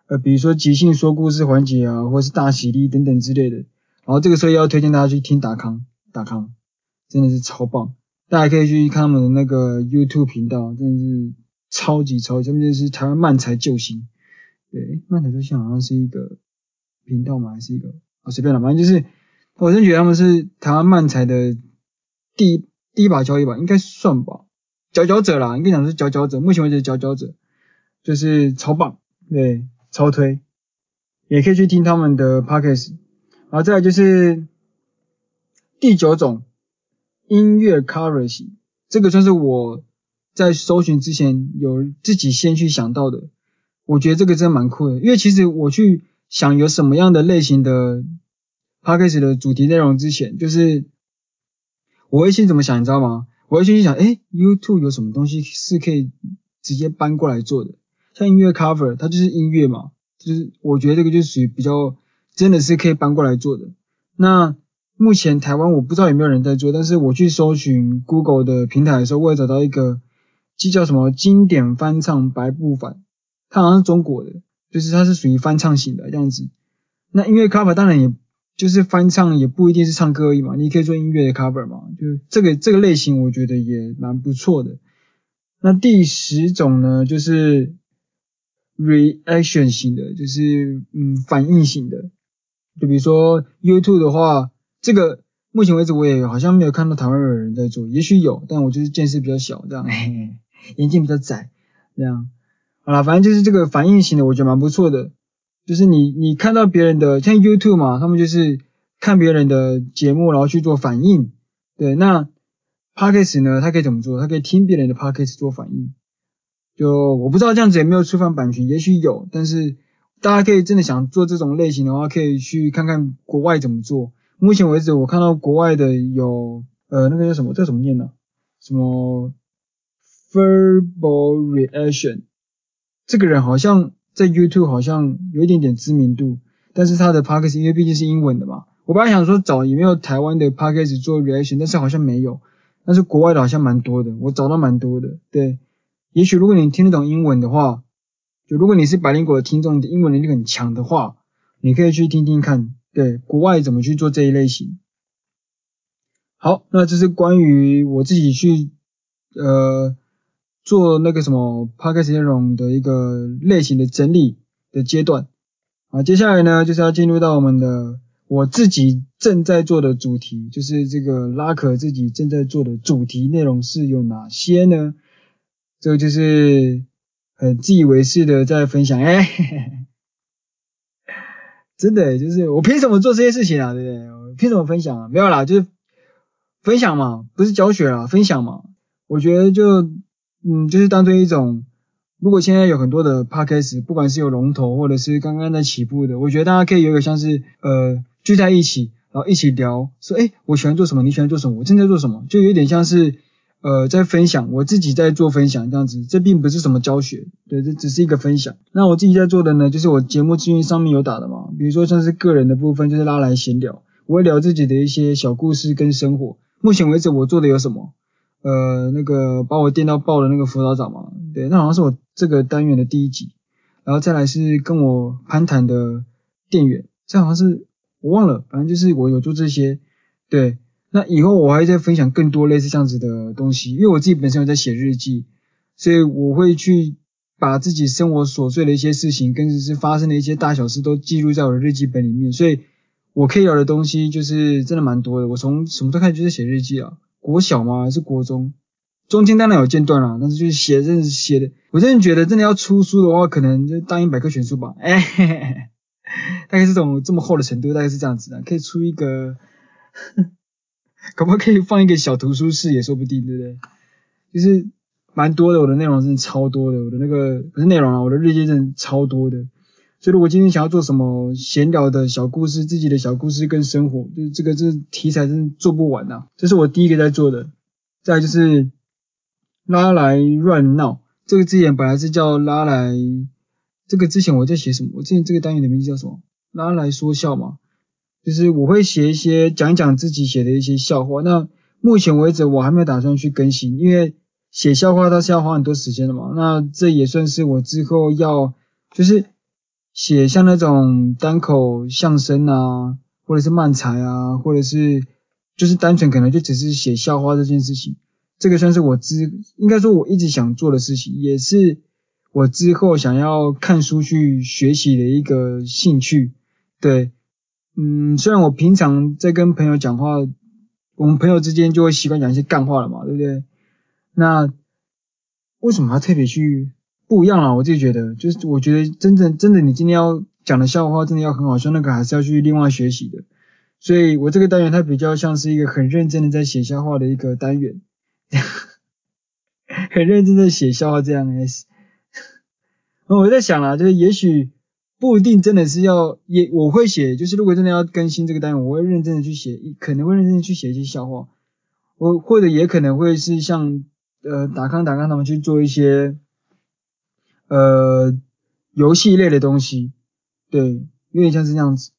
呃，比如說即興說故事環節啊，或者是大喜利等等之類的。然後這個時候要推薦大家去聽達康，達康真的是超棒，大家可以去看他們的那個 YouTube 頻道，真的是超級超級，他們就是台灣漫才救星。對，漫才救星好像是一個頻道嗎？還是一個啊？哦，隨便了，反正就是我真覺得他們是台灣漫才的第一第一把交椅吧，應該算吧，佼佼者啦，應該講是佼佼者，目前為止是佼佼者，就是超棒，對。超推，也可以去聽他們的 podcast，然後再來就是第九種音樂 covers 這個算是我在搜尋之前有自己先去想到的。我覺得這個真的蠻酷的，因為其實我去想有什麼樣的類型的 podcast 的主題內容之前，就是我會先怎麼想，你知道嗎？我會先去想，哎、欸、，YouTube 有什麼東西是可以直接搬過來做的？像音樂 cover，它就是音樂嘛，就是我覺得這個就屬於比較真的是可以搬過來做的。那目前台灣我不知道有沒有人在做，但是我去搜尋 Google 的平台的時候，我也找到一個叫什麼“經典翻唱白布凡”，它好像是中國的，就是它是屬於翻唱型的這樣子。那音樂 cover 當然也就是翻唱，也不一定是唱歌而已嘛，你可以做音樂的 cover 嘛，就這個這個類型我覺得也蠻不錯的。那第十種呢，就是。Reaction 型的，就是嗯反應型的，就比如說 YouTube 的話，這個目前為止我也好像沒有看到台灣有人在做，也許有，但我就是見識比較小這樣，嘿嘿。眼睛比較窄這樣。好啦，反正就是這個反應型的，我覺得蠻不錯的，就是你你看到別人的，像 YouTube 嘛，他們就是看別人的節目然後去做反應，對，那 podcast 呢，它可以怎麼做？它可以聽別人的 podcast 做反應。就我不知道這樣子有沒有觸犯版權，也許有，但是大家可以真的想做這種類型的話，可以去看看國外怎麼做。目前為止，我看到國外的有呃那個叫什麼，叫什麼念呢？啊，什麼 verbal reaction 這個人好像在 YouTube 好像有一點點知名度，但是他的 podcast 因為畢竟是英文的嘛。我本來想說，找有沒有台灣的 podcast 做 reaction，但是好像沒有，但是國外的好像蠻多的，我找到蠻多的，對。也許如果你聽得懂英文的話，就如果你是百靈果的聽眾，英文能力很強的話，你可以去聽聽看，對，國外怎麼去做這一類型。好，那這是關於我自己去呃做那個什麼 podcast 內容的一個類型的整理的階段啊。接下來呢，就是要進入到我們的我自己正在做的主題，就是這個拉可，自己正在做的主題內容是有哪些呢？這個就是很自以為是的在分享，哎，真的就是我憑什麼做這些事情啊？對不對？我憑什麼分享啊？沒有啦，就是分享嘛，不是教學啦，分享嘛。我覺得就嗯，就是當做一種，如果現在有很多的 podcast，不管是有龍頭或者是剛剛在起步的，我覺得大家可以有一個像是呃聚在一起，然後一起聊，說哎，我喜歡做什麼，你喜歡做什麼，我正在做什麼，就有點像是。呃，在分享，我自己在做分享這樣子，這並不是什麼教學，對，這只是一個分享。那我自己在做的呢，就是我節目資訊上面有打的嘛，比如說像是個人的部分，就是拉來閒聊，我會聊自己的一些小故事跟生活。目前為止我做的有什麼？呃，那個把我電到爆的那個輔導長嘛，對，那好像是我這個單元的第一集，然後再來是跟我攀談的店員，這好像是我忘了，反正就是我有做這些，對。那以後我還會再分享更多類似這樣子的東西，因為我自己本身有在寫日記，所以我會去把自己生活瑣碎的一些事情，跟是發生的一些大小事，都記錄在我的日記本裡面。所以我可以有的東西就是真的蠻多的。我從什麼時候開始就是寫日記啊，國小嘛還是國中，中間當然有間斷啦、啊，但是就是寫真是寫的。我真的覺得真的要出書的話，可能就大英百科全書吧，哎嘿，嘿大概這種這麼厚的程度，大概是這樣子的，可以出一個。可不可以放一個小圖書室也說不定，對不對？就是蠻多的，我的內容真的超多的，我的那個不是內容啊，我的日記真的超多的。所以如果今天想要做什麼閒聊的小故事，自己的小故事跟生活，就是這個這題材真的做不完吶、啊。這是我第一個在做的。再來就是拉來亂鬧這個字眼，本來是叫拉來。這個之前我在寫什麼？我之前這個單元的名字叫什麼？拉來說笑嘛。就是我會寫一些講一講自己寫的一些笑話。那目前為止我還沒有打算去更新，因為寫笑話它是要花很多時間的嘛。那這也算是我之後要就是寫像那種單口相聲啊，或者是漫才啊，或者是就是單純可能就只是寫笑話這件事情，這個算是我之，應該說我一直想做的事情，也是我之後想要看書去學習的一個興趣，對。嗯，雖然我平常在跟朋友講話，我們朋友之間就會習慣講一些乾話了嘛，對不對？那為什麼要特別去不一樣了？我自己覺得，就是我覺得真正真的，你今天要講的笑話，真的要很好笑，那個還是要去另外學習的。所以我這個單元它比較像是一個很認真的在寫笑話的一個單元， 很認真的寫笑話這樣的。那 我在想啊，就是也許。不一定真的是要也我會寫，就是如果真的要更新這個單元，我會認真的去寫，可能會認真的去寫一些笑話，我或者也可能會是像呃打康打康他們去做一些呃遊戲類的東西，對，有點像是這樣子。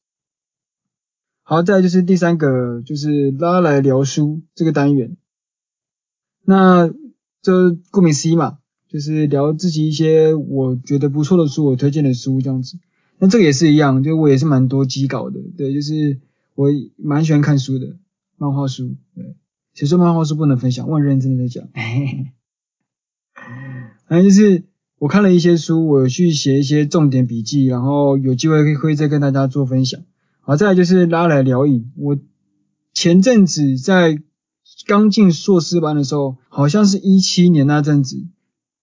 好，再來就是第三個就是拉來聊書這個單元，那這顧名思義嘛，就是聊自己一些我覺得不錯的書，我推薦的書這樣子。那這個也是一樣，就我也是蠻多機稿的，對，就是我蠻喜歡看書的，漫畫書，對，誰說漫畫書不能分享，我很認真的在講。 反正就是我看了一些書，我去寫一些重點筆記，然後有機會會再跟大家做分享。好，再來就是拉來聊影，我前陣子在剛進碩士班的時候，好像是一七年那陣子。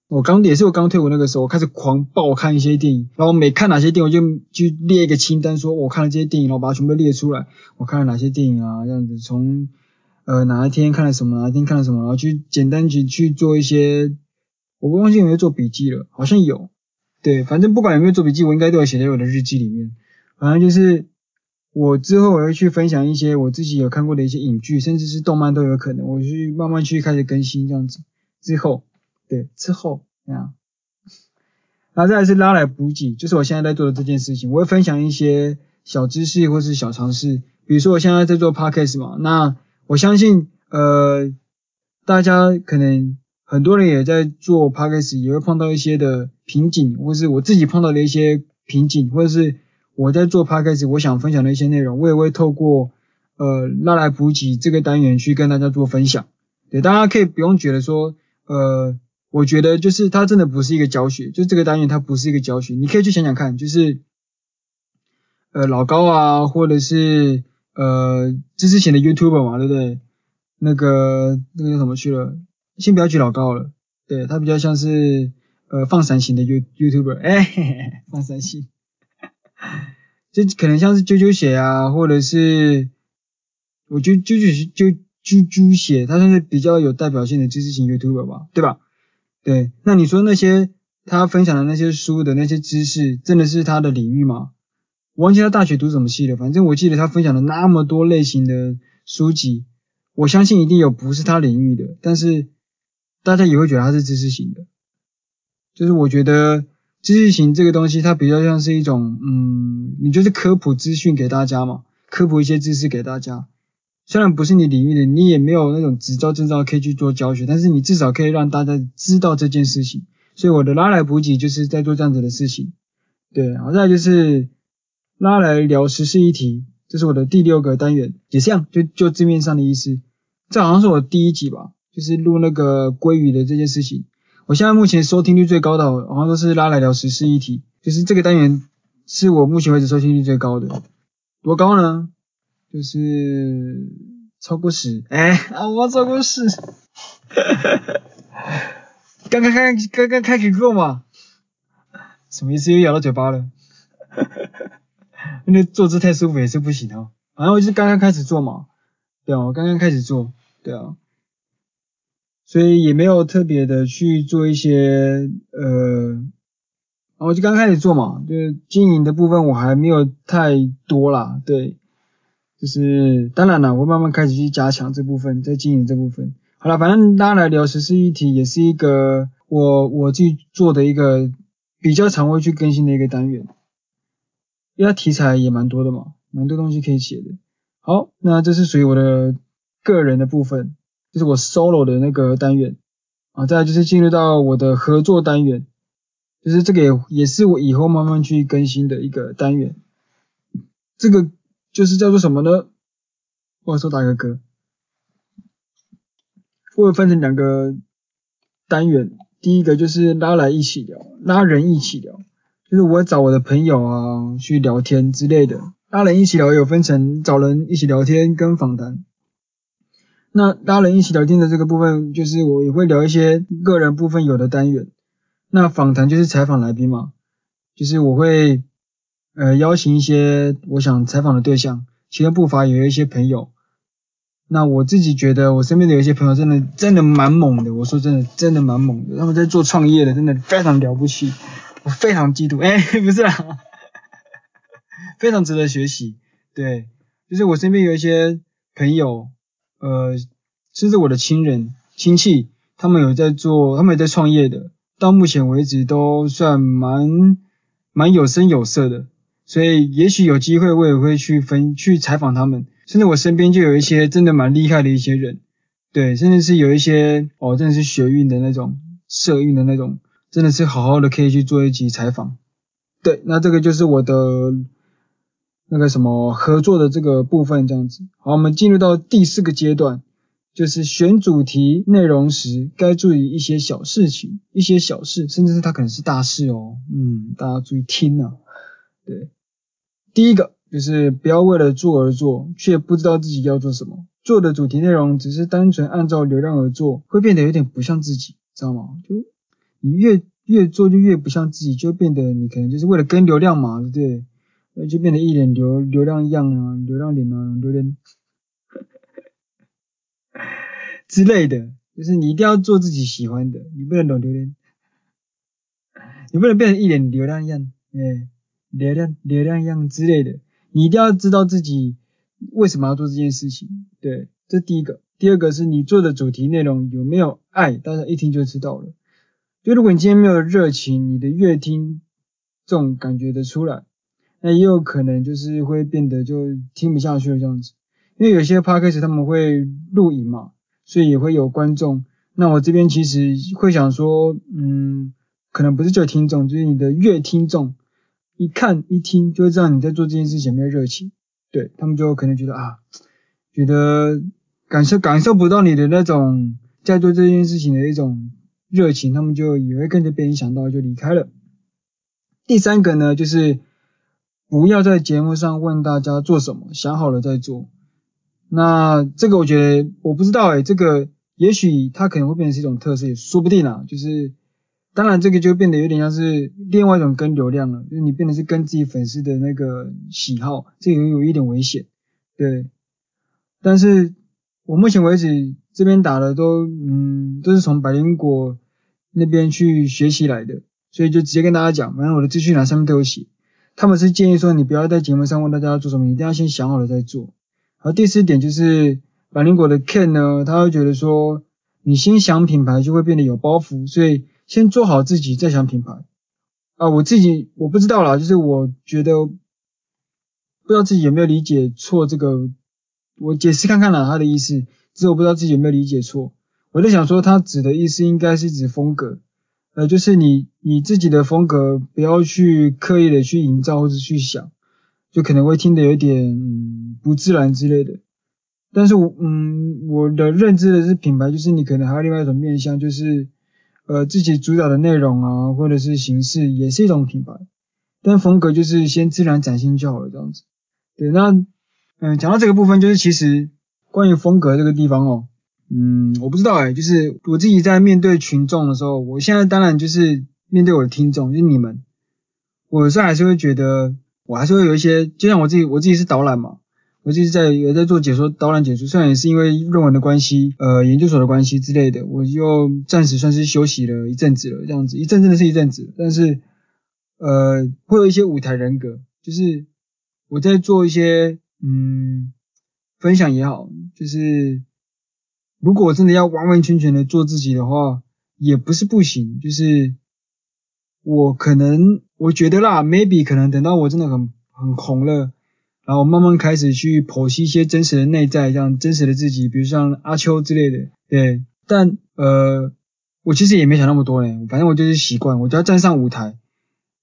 我剛也是我剛退伍那個時候，我開始狂暴，看一些電影，然後每看哪些電影，我就去列一個清單說，說我看了這些電影，然後把它全部列出來。我看了哪些電影啊，這樣子從，從呃哪一天看了什麼，哪一天看了什麼，然後去簡單去去做一些。我忘記有沒有做筆記了，好像有，對，反正不管有沒有做筆記，我應該都有寫在我的日記裡面。反正就是我之後我會去分享一些我自己有看過的一些影劇，甚至是動漫都有可能，我去慢慢去開始更新這樣子之後。對，之後那樣、嗯，那再來是拉來補給，就是我現在在做的這件事情。我會分享一些小知識或是小嘗試，比如說我現在在做 Podcast 嘛，那我相信呃大家可能很多人也在做 Podcast，也會碰到一些的瓶頸，或是我自己碰到的一些瓶頸，或者是我在做 Podcast 我想分享的一些內容，我也會透過呃拉來補給這個單元去跟大家做分享。對，大家可以不用覺得說呃。我覺得就是它真的不是一個教學，就這個單元它不是一個教學。你可以去想想看，就是呃老高啊，或者是呃知識型的 YouTuber 嘛，對不對？那個那個叫什麼去了？先不要舉老高了，對，他比較像是呃放閃型的 You YouTuber，哎，嘿嘿放閃型，這 可能像是啾啾鞋啊，或者是我啾啾就啾啾啾,啾鞋，他算是比較有代表性的知識型 YouTuber 吧，對吧？對，那你說那些他分享的那些書的那些知識，真的是他的領域嗎？我忘記他大學讀什麼系了，反正我記得他分享的那麼多類型的書籍，我相信一定有不是他領域的，但是大家也會覺得他是知識型的。就是我覺得知識型這個東西，它比較像是一種，嗯，你就是科普資訊給大家嘛，科普一些知識給大家。雖然不是你領域的，你也沒有那種執照證照可以去做教學，但是你至少可以讓大家知道這件事情。所以我的拉來補給就是在做這樣子的事情。對，好，再來就是拉來聊時事議題，這是我的第六個單元，也像就就字面上的意思。這好像是我第一集吧，就是錄那個鮭魚的這件事情。我現在目前收聽率最高的好像都是拉來聊時事議題，就是這個單元是我目前為止收聽率最高的，多高呢？就是超過十哎、欸、啊！我超過十，呵呵呵剛剛開剛剛開始做嘛，什麼意思？又咬到嘴巴了，呵呵呵，那坐姿太舒服也是不行哦，反正我就是剛剛開始做嘛，對啊，剛剛開始做，對啊，所以也沒有特別的去做一些呃，然後就剛開始做嘛，就是經營的部分我還沒有太多啦，對。就是當然了，我慢慢開始去加強這部分，再經營這部分。好了，反正大家來聊時事議題也是一個我，我去做的一個比較常會去更新的一個單元，因為它題材也蠻多的嘛，蠻多東西可以寫的。好，那這是屬於我的個人的部分，就是我 solo 的那個單元啊，再來就是進入到我的合作單元，就是這個也，也是我以後慢慢去更新的一個單元，這個。就是叫做什麼呢？我先說打個嗝，會分成兩個單元，第一個就是拉來一起聊，拉人一起聊，就是我找我的朋友啊去聊天之類的，拉人一起聊，有分成找人一起聊天跟訪談。那拉人一起聊天的這個部分，就是我也會聊一些個人部分有的單元。那訪談就是採訪來賓嘛，就是我會。呃，邀請一些我想採訪的對象，其中不乏有一些朋友。那我自己覺得，我身邊的有一些朋友真的真的蠻猛的。我說真的，真的蠻猛的。他們在做創業的，真的非常了不起，我非常嫉妒。哎，不是啦，非常值得學習。對，就是我身邊有一些朋友，呃，甚至我的親人親戚，他們有在做，他們也在創業的，到目前為止都算蠻蠻有聲有色的。所以也許有機會我也會去分去採訪他們，甚至我身邊就有一些真的蠻厲害的一些人，對，甚至是有一些哦真的是學運的那種社運的那種，真的是好好的可以去做一集採訪，對，那這個就是我的那個什麼合作的這個部分這樣子。好，我們進入到第四個階段，就是選主題內容時該注意一些小事情、一些小事，甚至是它可能是大事哦，嗯，大家注意聽啊，對。第一個就是不要為了做而做，卻不知道自己要做什麼。做的主題內容只是單純按照流量而做，會變得有點不像自己，知道嗎？就你越越做就越不像自己，就變得你可能就是為了跟流量嘛，對不對？那就變得一臉流流量一樣啊，流量臉啊，流量之類的。就是你一定要做自己喜歡的，你不能懂流量，你不能變成一臉流量一樣，誒、欸流量、流量一樣之類的，你一定要知道自己為什麼要做這件事情。對，這是第一個。第二個是你做的主題內容有沒有愛，大家一聽就知道了。就如果你今天沒有熱情，你的閱聽這種感覺得出來，那也有可能就是會變得就聽不下去了這樣子。因為有些 podcast 他們會錄影嘛，所以也會有觀眾。那我這邊其實會想說，嗯，可能不是就聽眾，就是你的閱聽眾。一看一聽就會知道你在做這件事情有沒有熱情，對，他們就可能覺得啊，覺得感受感受不到你的那種在做這件事情的一種熱情，他們就以為跟着別人想到就離開了。第三個呢，就是不要在節目上問大家做什麼，想好了再做。那這個我覺得我不知道哎、欸，這個也許它可能會變成一種特色，也說不定啦，就是。當然，這個就變得有點像是另外一種跟流量了，就是你變得是跟自己粉絲的那個喜好，這個有一點危險。對，但是我目前為止這邊打的都，嗯，都是從百靈果那邊去學習來的，所以就直接跟大家講，反正我的資訊欄上面都有寫。他們是建議說，你不要在節目上問大家要做什麼，一定要先想好了再做。而第四點就是百靈果的 Ken 呢，他會覺得說，你先想品牌就會變得有包袱，所以。先做好自己，再想品牌。啊，我自己我不知道啦，就是我覺得不知道自己有沒有理解錯這個。我解釋看看啦、啊，他的意思，其實不知道自己有沒有理解錯。我在想說，他指的意思應該是指風格，呃，就是你你自己的風格不要去刻意的去營造或者去想，就可能會聽得有點、嗯、不自然之類的。但是我嗯，我的認知的是品牌，就是你可能還有另外一種面向，就是。呃，自己主導的內容，啊，或者是形式，也是一種品牌。但風格就是先自然展現就好了，這樣子。對，那嗯，講到這個部分，就是其實關於風格這個地方哦，嗯，我不知道哎、欸，就是我自己在面對群眾的時候，我現在當然就是面對我的聽眾，就是你們，我有時候還是會覺得，我還是會有一些，就像我自己，我自己是導覽嘛。我就是在也在做解說、導覽解說，雖然也是因為論文的關係、呃研究所的關係之類的，我又暫時算是休息了一陣子了。這樣子一陣子真的是一陣子，但是呃會有一些舞台人格，就是我在做一些嗯分享也好，就是如果我真的要完完全全的做自己的話，也不是不行，就是我可能我覺得啦，maybe 可能等到我真的很很紅了。然後慢慢開始去剖析一些真實的內在，像真實的自己，比如像阿秋之類的。對，但呃，我其實也沒想那麼多呢。反正我就是習慣，我就要站上舞台，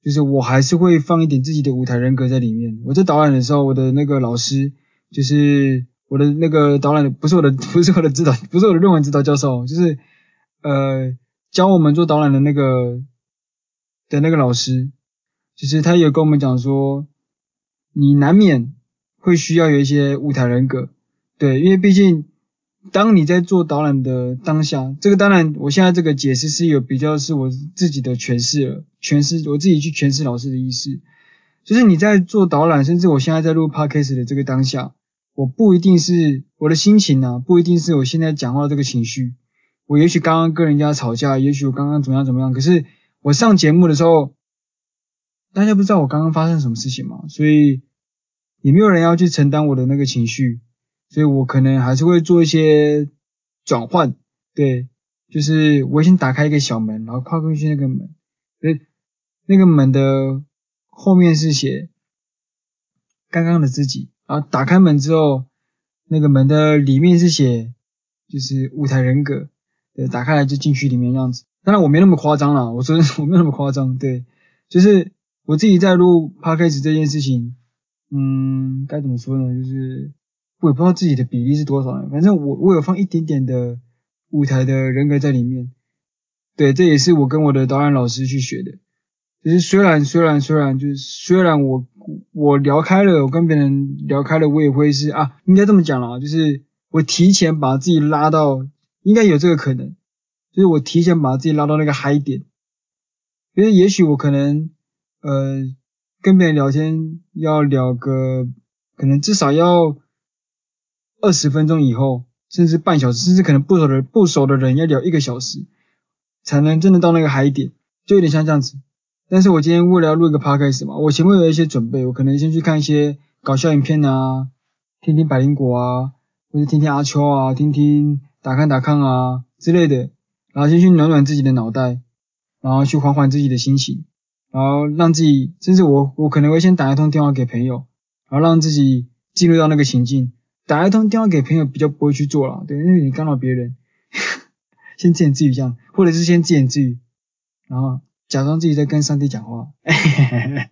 就是我還是會放一點自己的舞台人格在裡面。我在導覽的時候，我的那個老師就是我的那個導演，不是我的，不是我的指導，不是我的論文指導教授，就是呃教我們做導覽的那個的那個老師，就是他有跟我們講說，你難免，會需要有一些舞台人格，對，因為畢竟當你在做導覽的當下，這個當然，我現在這個解釋是有比較是我自己的詮釋了，詮釋我自己去詮釋老師的意思，就是你在做導覽，甚至我現在在錄 podcast 的這個當下，我不一定是我的心情啊，不一定是我現在講話的這個情緒，我也許剛剛跟人家吵架，也許我剛剛怎麼樣怎麼樣，可是我上節目的時候，大家不知道我剛剛發生什麼事情嘛，所以。也沒有人要去承擔我的那個情緒，所以我可能還是會做一些轉換，對，就是我先打開一個小門，然後跨過去那個門，對，那個門的後面是寫剛剛的自己，然後打開門之後，那個門的裡面是寫就是舞台人格，對，打開來就進去裡面這樣子，當然我沒那麼誇張啦，我說我沒有那麼誇張，對，就是我自己在錄 podcast 這件事情。嗯，該怎麼說呢？就是我也不知道自己的比例是多少呢，反正我我有放一點點的舞台的人格在裡面。對，這也是我跟我的導演老師去學的。就是雖然雖然雖然，就是雖然我我聊開了，我跟別人聊開了，我也會是啊，應該這麼講了，就是我提前把自己拉到，應該有這個可能，就是我提前把自己拉到那個嗨點，因為也許我可能呃。跟別人聊天要聊個，可能至少要二十分鐘以後，甚至半小時，甚至可能不熟的不熟的人要聊一個小時，才能真的到那個 high 點，就有點像這樣子。但是我今天為了要錄一個 podcast 嘛，我前面有一些準備，我可能先去看一些搞笑影片啊，聽聽百靈果啊，或者聽聽阿秋啊，聽聽打看打看啊之類的，然後先去暖暖自己的腦袋，然後去緩緩自己的心情。然後讓自己，甚至我我可能會先打一通電話給朋友，然後讓自己進入到那個情境。打一通電話給朋友比較不會去做了，對，因為你干擾別人。呵呵先自言自語一下，或者是先自言自語，然後假裝自己在跟上帝講話。說、哎、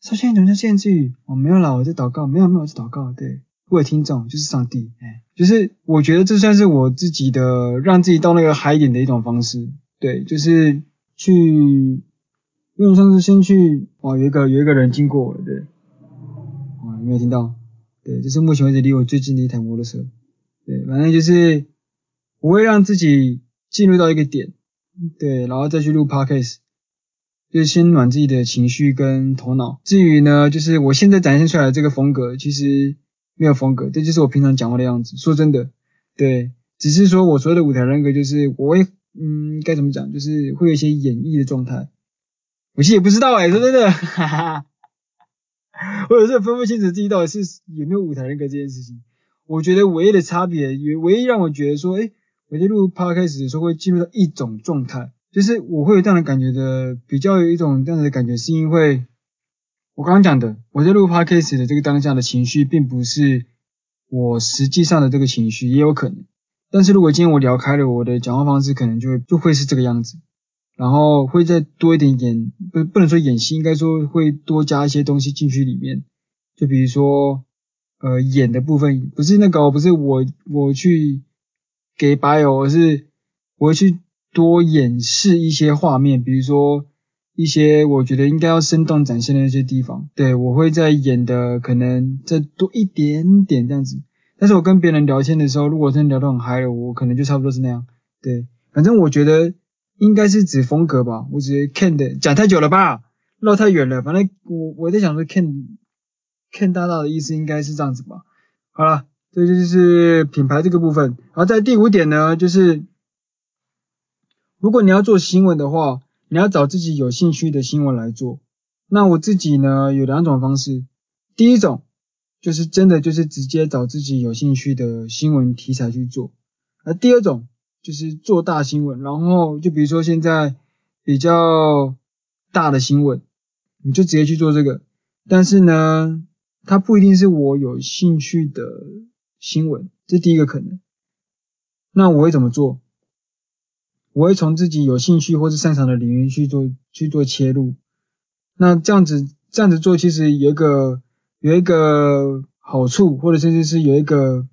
先一種叫自言自語，我、哦、沒有了，我在禱告，沒有沒有我在禱告。對，我的聽眾就是上帝，哎，就是我覺得這算是我自己的讓自己到那個嗨一點的一種方式，對，就是去。基本上次先去，哦，有一個有一個人經過我，對，啊，沒有聽到，對，這是目前為止離我最近的一台摩托車，對，反正就是我會讓自己進入到一個點，對，然後再去錄 Podcast，就是先暖自己的情緒跟頭腦。至於呢，就是我現在展現出來的這個風格，其實沒有風格，這就是我平常講話的樣子。說真的，對，只是說我所有的舞台人格就是，我會，嗯，該怎麼講，就是會有一些演繹的狀態。我其實也不知道哎、欸，說真的，哈 哈我有時候分不清楚自己到底是有沒有舞台人格這件事情。我覺得唯一的差別，也唯一讓我覺得說，哎，我在錄 podcast 的時候會進入到一種狀態，就是我會有這樣的感覺的，比較有一種這樣的感覺，是因為我剛剛講的，我在錄 podcast 的這個當下的情緒，並不是我實際上的這個情緒，也有可能。但是如果今天我聊開了，我的講話方式可能就會就會是這個樣子。然後會再多一點演，不，不能說演戲，應該說會多加一些東西進去裡面。就比如說，呃，演的部分，不是那個，不是我我去給白友，而是我會去多演示一些畫面，比如說一些我覺得應該要生動展現的那些地方。對，我會在演的可能再多一點點這樣子，但是我跟別人聊天的時候，如果真的聊得很嗨了，我可能就差不多是那樣。對，反正我覺得。應該是指風格吧，我只是 Ken 的講太久了吧，繞太遠了。反正我我在想說 Ken Ken 大大的意思應該是這樣子吧。好了，這就是品牌這個部分。而在第五點呢，就是如果你要做新聞的話，你要找自己有興趣的新聞來做。那我自己呢，有兩種方式，第一種就是真的就是直接找自己有興趣的新聞題材去做，而第二種。就是做大新聞，然後就比如說現在比較大的新聞，你就直接去做這個。但是呢，它不一定是我有興趣的新聞，這第一個可能。那我會怎麼做？我會從自己有興趣或是擅長的領域去做去做切入。那這樣子這樣子做其實有一個有一個好處，或者甚至是有一個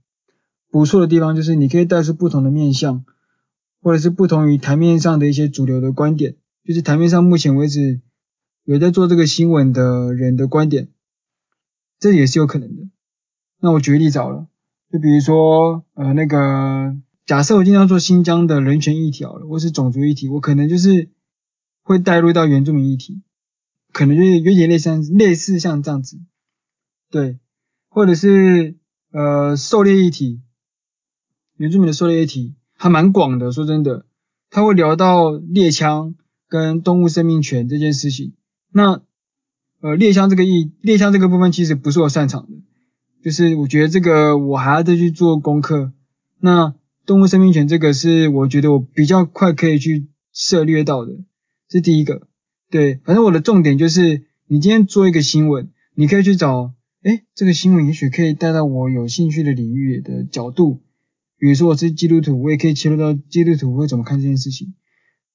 不錯的地方，就是你可以帶出不同的面向。或者是不同於台面上的一些主流的觀點，就是台面上目前為止有在做這個新聞的人的觀點，這也是有可能的。那我舉例找了，就比如說，呃，那個假設我今天要做新疆的人權議題好了，或是種族議題，我可能就是會帶入到原住民議題，可能就是有點類似像類似像這樣子，對，或者是呃，狩獵議題，原住民的狩獵議題。還蠻廣的，說真的，他會聊到獵槍跟動物生命權這件事情。那，呃，獵槍這個意，獵槍這個部分其實不是我擅長的，就是我覺得這個我還要再去做功課。那動物生命權這個是我覺得我比較快可以去涉獵到的，這是第一個。對，反正我的重點就是，你今天做一個新聞，你可以去找，哎，這個新聞也許可以帶到我有興趣的領域的角度。比如說我是基督徒，我也可以切入到基督徒會怎麼看這件事情，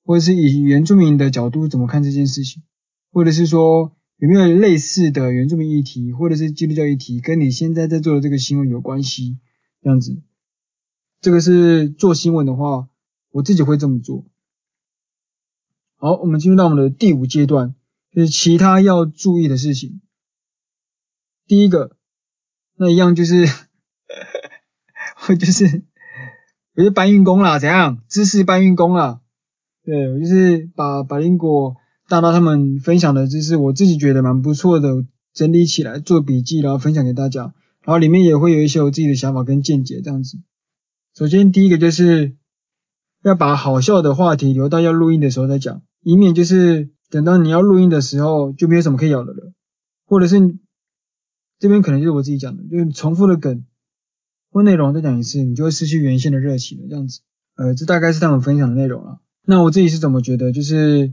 或者是以原住民的角度怎麼看這件事情，或者是說有沒有類似的原住民議題，或者是基督教議題跟你現在在做的這個新聞有關係，這樣子。這個是做新聞的話，我自己會這麼做。好，我們進入到我們的第五階段，就是其他要注意的事情。第一個，那一樣就是， 我就是。我是搬運工啦，怎樣？知識搬運工啦，對。對，我就是把百靈果、大貓他們分享的知識，我自己覺得蠻不錯的，整理起來做筆記，然後分享給大家。然後裡面也會有一些我自己的想法跟見解這樣子。首先第一個就是要把好笑的話題留到要錄音的時候再講，以免就是等到你要錄音的時候就沒有什麼可以咬的了。或者是這邊可能就是我自己講的，就是重複的梗。內容再講一次，你就會失去原先的熱情了。這樣子，呃，這大概是他們分享的內容了。那我自己是怎麼覺得？就是，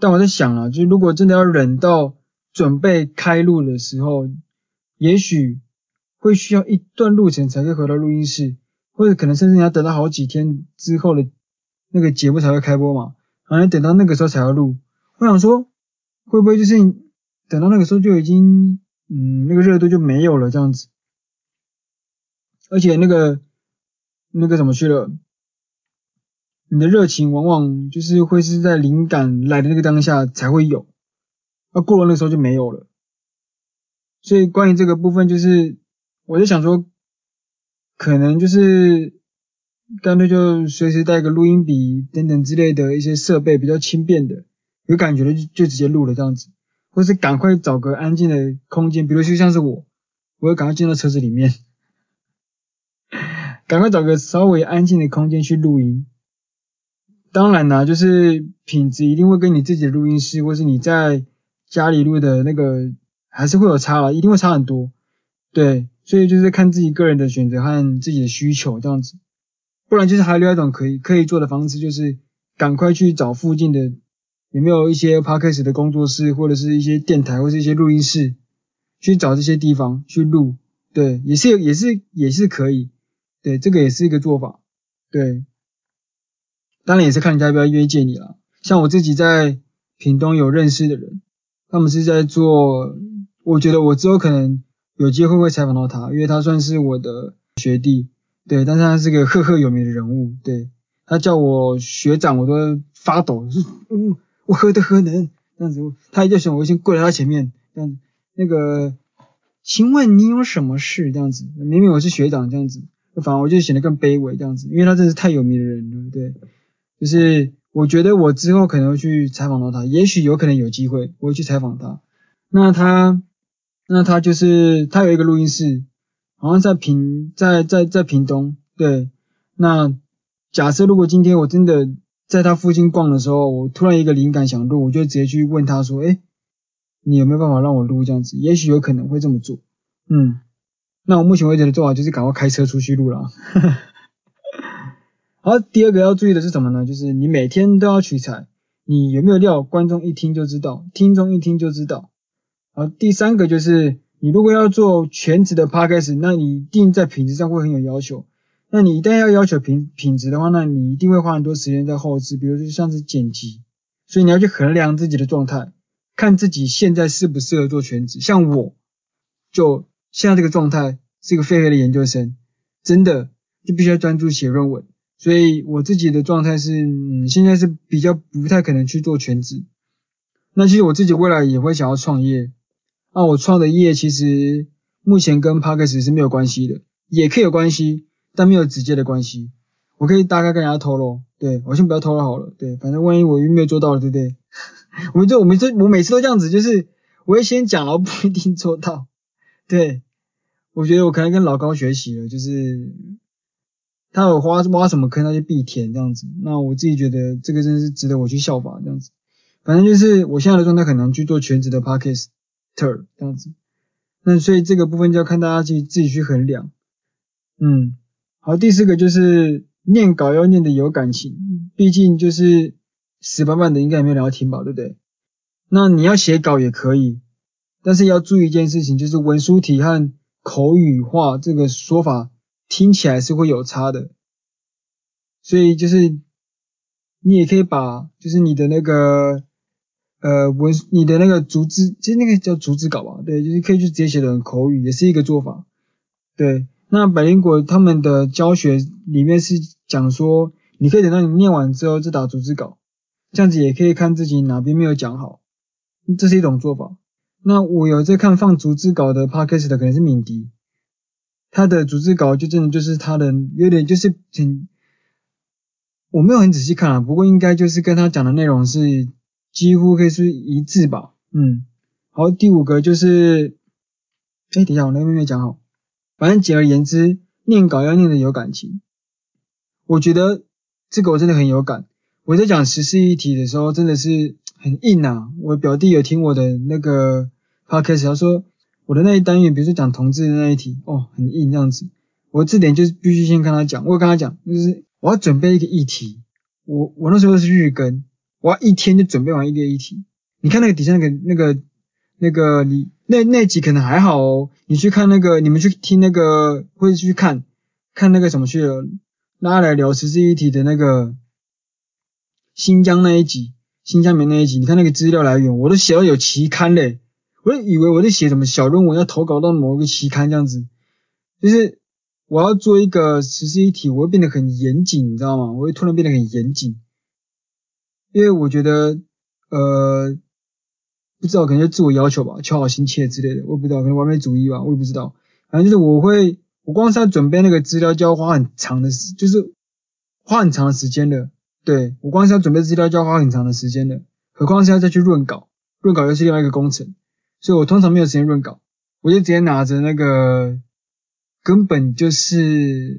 但我在想啊，就是如果真的要忍到準備開錄的時候，也許會需要一段路程才會回到錄音室，或者可能甚至你要等到好幾天之後的那個節目才會開播嘛，然後你等到那個時候才要錄。我想說，會不會就是等到那個時候就已經，嗯，那個熱度就沒有了這樣子？而且那個那個什麼去了，你的熱情往往就是會是在靈感來的那個當下才會有，而過了那個時候就沒有了。所以關於這個部分，就是我就想說，可能就是乾脆就隨時帶個錄音筆等等之類的一些設備比較輕便的，有感覺的就就直接錄了這樣子，或是趕快找個安靜的空間，比如就像是我，我會趕快進到車子裡面。趕快找個稍微安靜的空間去錄音。當然啦、啊，就是品質一定會跟你自己的錄音室，或是你在家裡錄的那個，還是會有差了，一定會差很多。對，所以就是看自己個人的選擇和自己的需求這樣子。不然就是還有另外一種可以可以做的方式，就是趕快去找附近的有沒有一些 Podcast 的工作室，或者是一些電台，或者是一些錄音室，去找這些地方去錄。對，也是有，也是也是可以。對，這個也是一個做法。對，當然也是看人家要不要約見你了。像我自己在屏東有認識的人，他們是在做，我覺得我之後可能有機會會採訪到他，因為他算是我的學弟。對，但是他是個赫赫有名的人物。對，他叫我學長，我都發抖，我，我何德何能這樣子？他一叫醒我，我先跪在他前面，讓那個，請問你有什麼事？這樣子，明明我是學長，這樣子。反而我就顯得更卑微這樣子，因為他真是太有名的人了，對。就是我覺得我之後可能會去採訪到他，也許有可能有機會我會去採訪他。那他，那他就是他有一個錄音室，好像在屏在，在在在屏東，對。那假設如果今天我真的在他附近逛的時候，我突然一個靈感想錄，我就直接去問他說，哎，你有沒有辦法讓我錄這樣子？也許有可能會這麼做，嗯。那我目前為止的做法就是趕快開車出去錄啦。好，第二個要注意的是什麼呢？就是你每天都要取材，你有沒有料，觀眾一聽就知道，聽眾一聽就知道。好，第三個就是你如果要做全職的 podcast，那你一定在品質上會很有要求。那你一旦要要求品品質的話，那你一定會花很多時間在後製，比如說像是剪輯。所以你要去衡量自己的狀態，看自己現在適不適合做全職。像我，就，現在這個狀態是一個廢廢的研究生，真的就必須要專注寫論文。所以我自己的狀態是，嗯，現在是比較不太可能去做全職。那其實我自己未來也會想要創業。那、啊、我創的業其實目前跟 Podcast 是沒有關係的，也可以有關係，但沒有直接的關係。我可以大概跟人家透露，對，我先不要透露好了，對，反正萬一我又沒有做到了，對不對？ 我就，我就，我每次都這樣子，就是我會先講，然後不一定做到，對。我覺得我可能跟老高學習了，就是他有花挖，挖什麼坑，他就必填這樣子。那我自己覺得這個真是值得我去效法這樣子。反正就是我現在的狀態很難去做全職的 Podcaster 這樣子。那所以這個部分就要看大家去自己去衡量。嗯，好，第四個就是念稿要念得有感情，畢竟就是死板板的應該也沒有聊天吧，對不對？那你要寫稿也可以，但是要注意一件事情，就是文書題和口語化這個說法聽起來是會有差的，所以就是你也可以把就是你的那個呃文你的那個逐字，其實那個叫逐字稿吧，對，就是可以去直接寫成口語，也是一個做法。對，那百靈果他們的教學裡面是講說，你可以等到你念完之後再打逐字稿，這樣子也可以看自己哪邊沒有講好，這是一種做法。那我有在看放逐字稿的 podcast 的，可能是敏迪，他的逐字稿就真的就是他的有點就是很，我沒有很仔細看啊，不過應該就是跟他講的內容是幾乎可以是一致吧。嗯，好，第五個就是，哎，等一下，我那妹妹講好。反正簡而言之，念稿要念的有感情。我覺得這個我真的很有感。我在講十四一題的時候真的是很硬啊。我表弟有聽我的那個。他開始他說我的那一單元，比如說講同志的那一題，哦，很硬這樣子。我這點就是必須先跟他講。我跟他講，就是我要準備一個議題。我我那時候是日更，我要一天就準備完一個議題。你看那個底下那個那個那個你那那集可能還好哦。你去看那個，你們去聽那個，會去看看那個什麼去了，拉來聊時事議題的那個新疆那一集，新疆棉那一集。你看那個資料來源，我都寫到有期刊嘞。我以為我在寫什麼小論文，要投稿到某一個期刊，這樣子，就是我要做一個實事一體，我會變得很嚴謹，你知道嗎？我會突然變得很嚴謹，因為我覺得，呃，不知道可能就是自我要求吧，求好心切之類的，我也不知道，可能完美主義吧，我也不知道。反正就是我會，我光是要準備那個資料就要花很長的時，就是花很長的時間的。對，我光是要準備資料就要花很長的時間的，何況是要再去潤稿，潤稿又是另外一個工程。所以我通常沒有時間潤稿，我就直接拿着那個，根本就是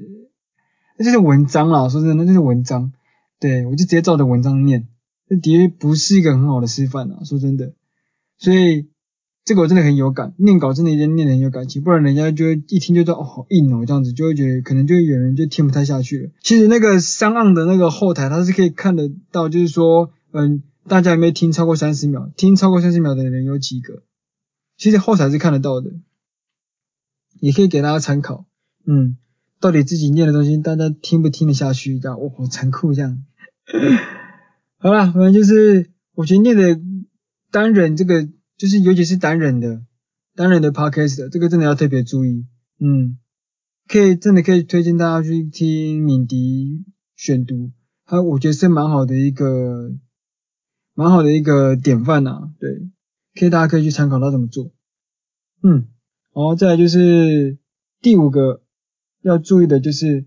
那就是文章啊，說真的，那就是文章。對，我就直接照着文章念，那的確不是一個很好的示範啊。說真的，所以這個我真的很有感，念稿真的一定念得很有感情，不然人家就一聽就知道哦，好硬哦，這樣子，就會覺得可能就有人就聽不太下去了。其實那個 SoundOn 的那個後台，它是可以看得到，就是說，嗯，大家有沒有聽超過三十秒？聽超過三十秒的人有幾個？其實後台是看得到的，也可以給大家參考。嗯，到底自己念的東西，大家聽不聽得下去？這樣我好殘酷這樣。好了，反正就是我覺得念的單人這個，就是尤其是單人的單人的 podcast 的，這個真的要特別注意。嗯，可以真的可以推薦大家去聽敏迪選讀，還有我覺得是蠻好的一個蠻好的一個典範吶、啊。對。可以，大家可以去參考他怎麼做。嗯，然後再來就是第五個要注意的就是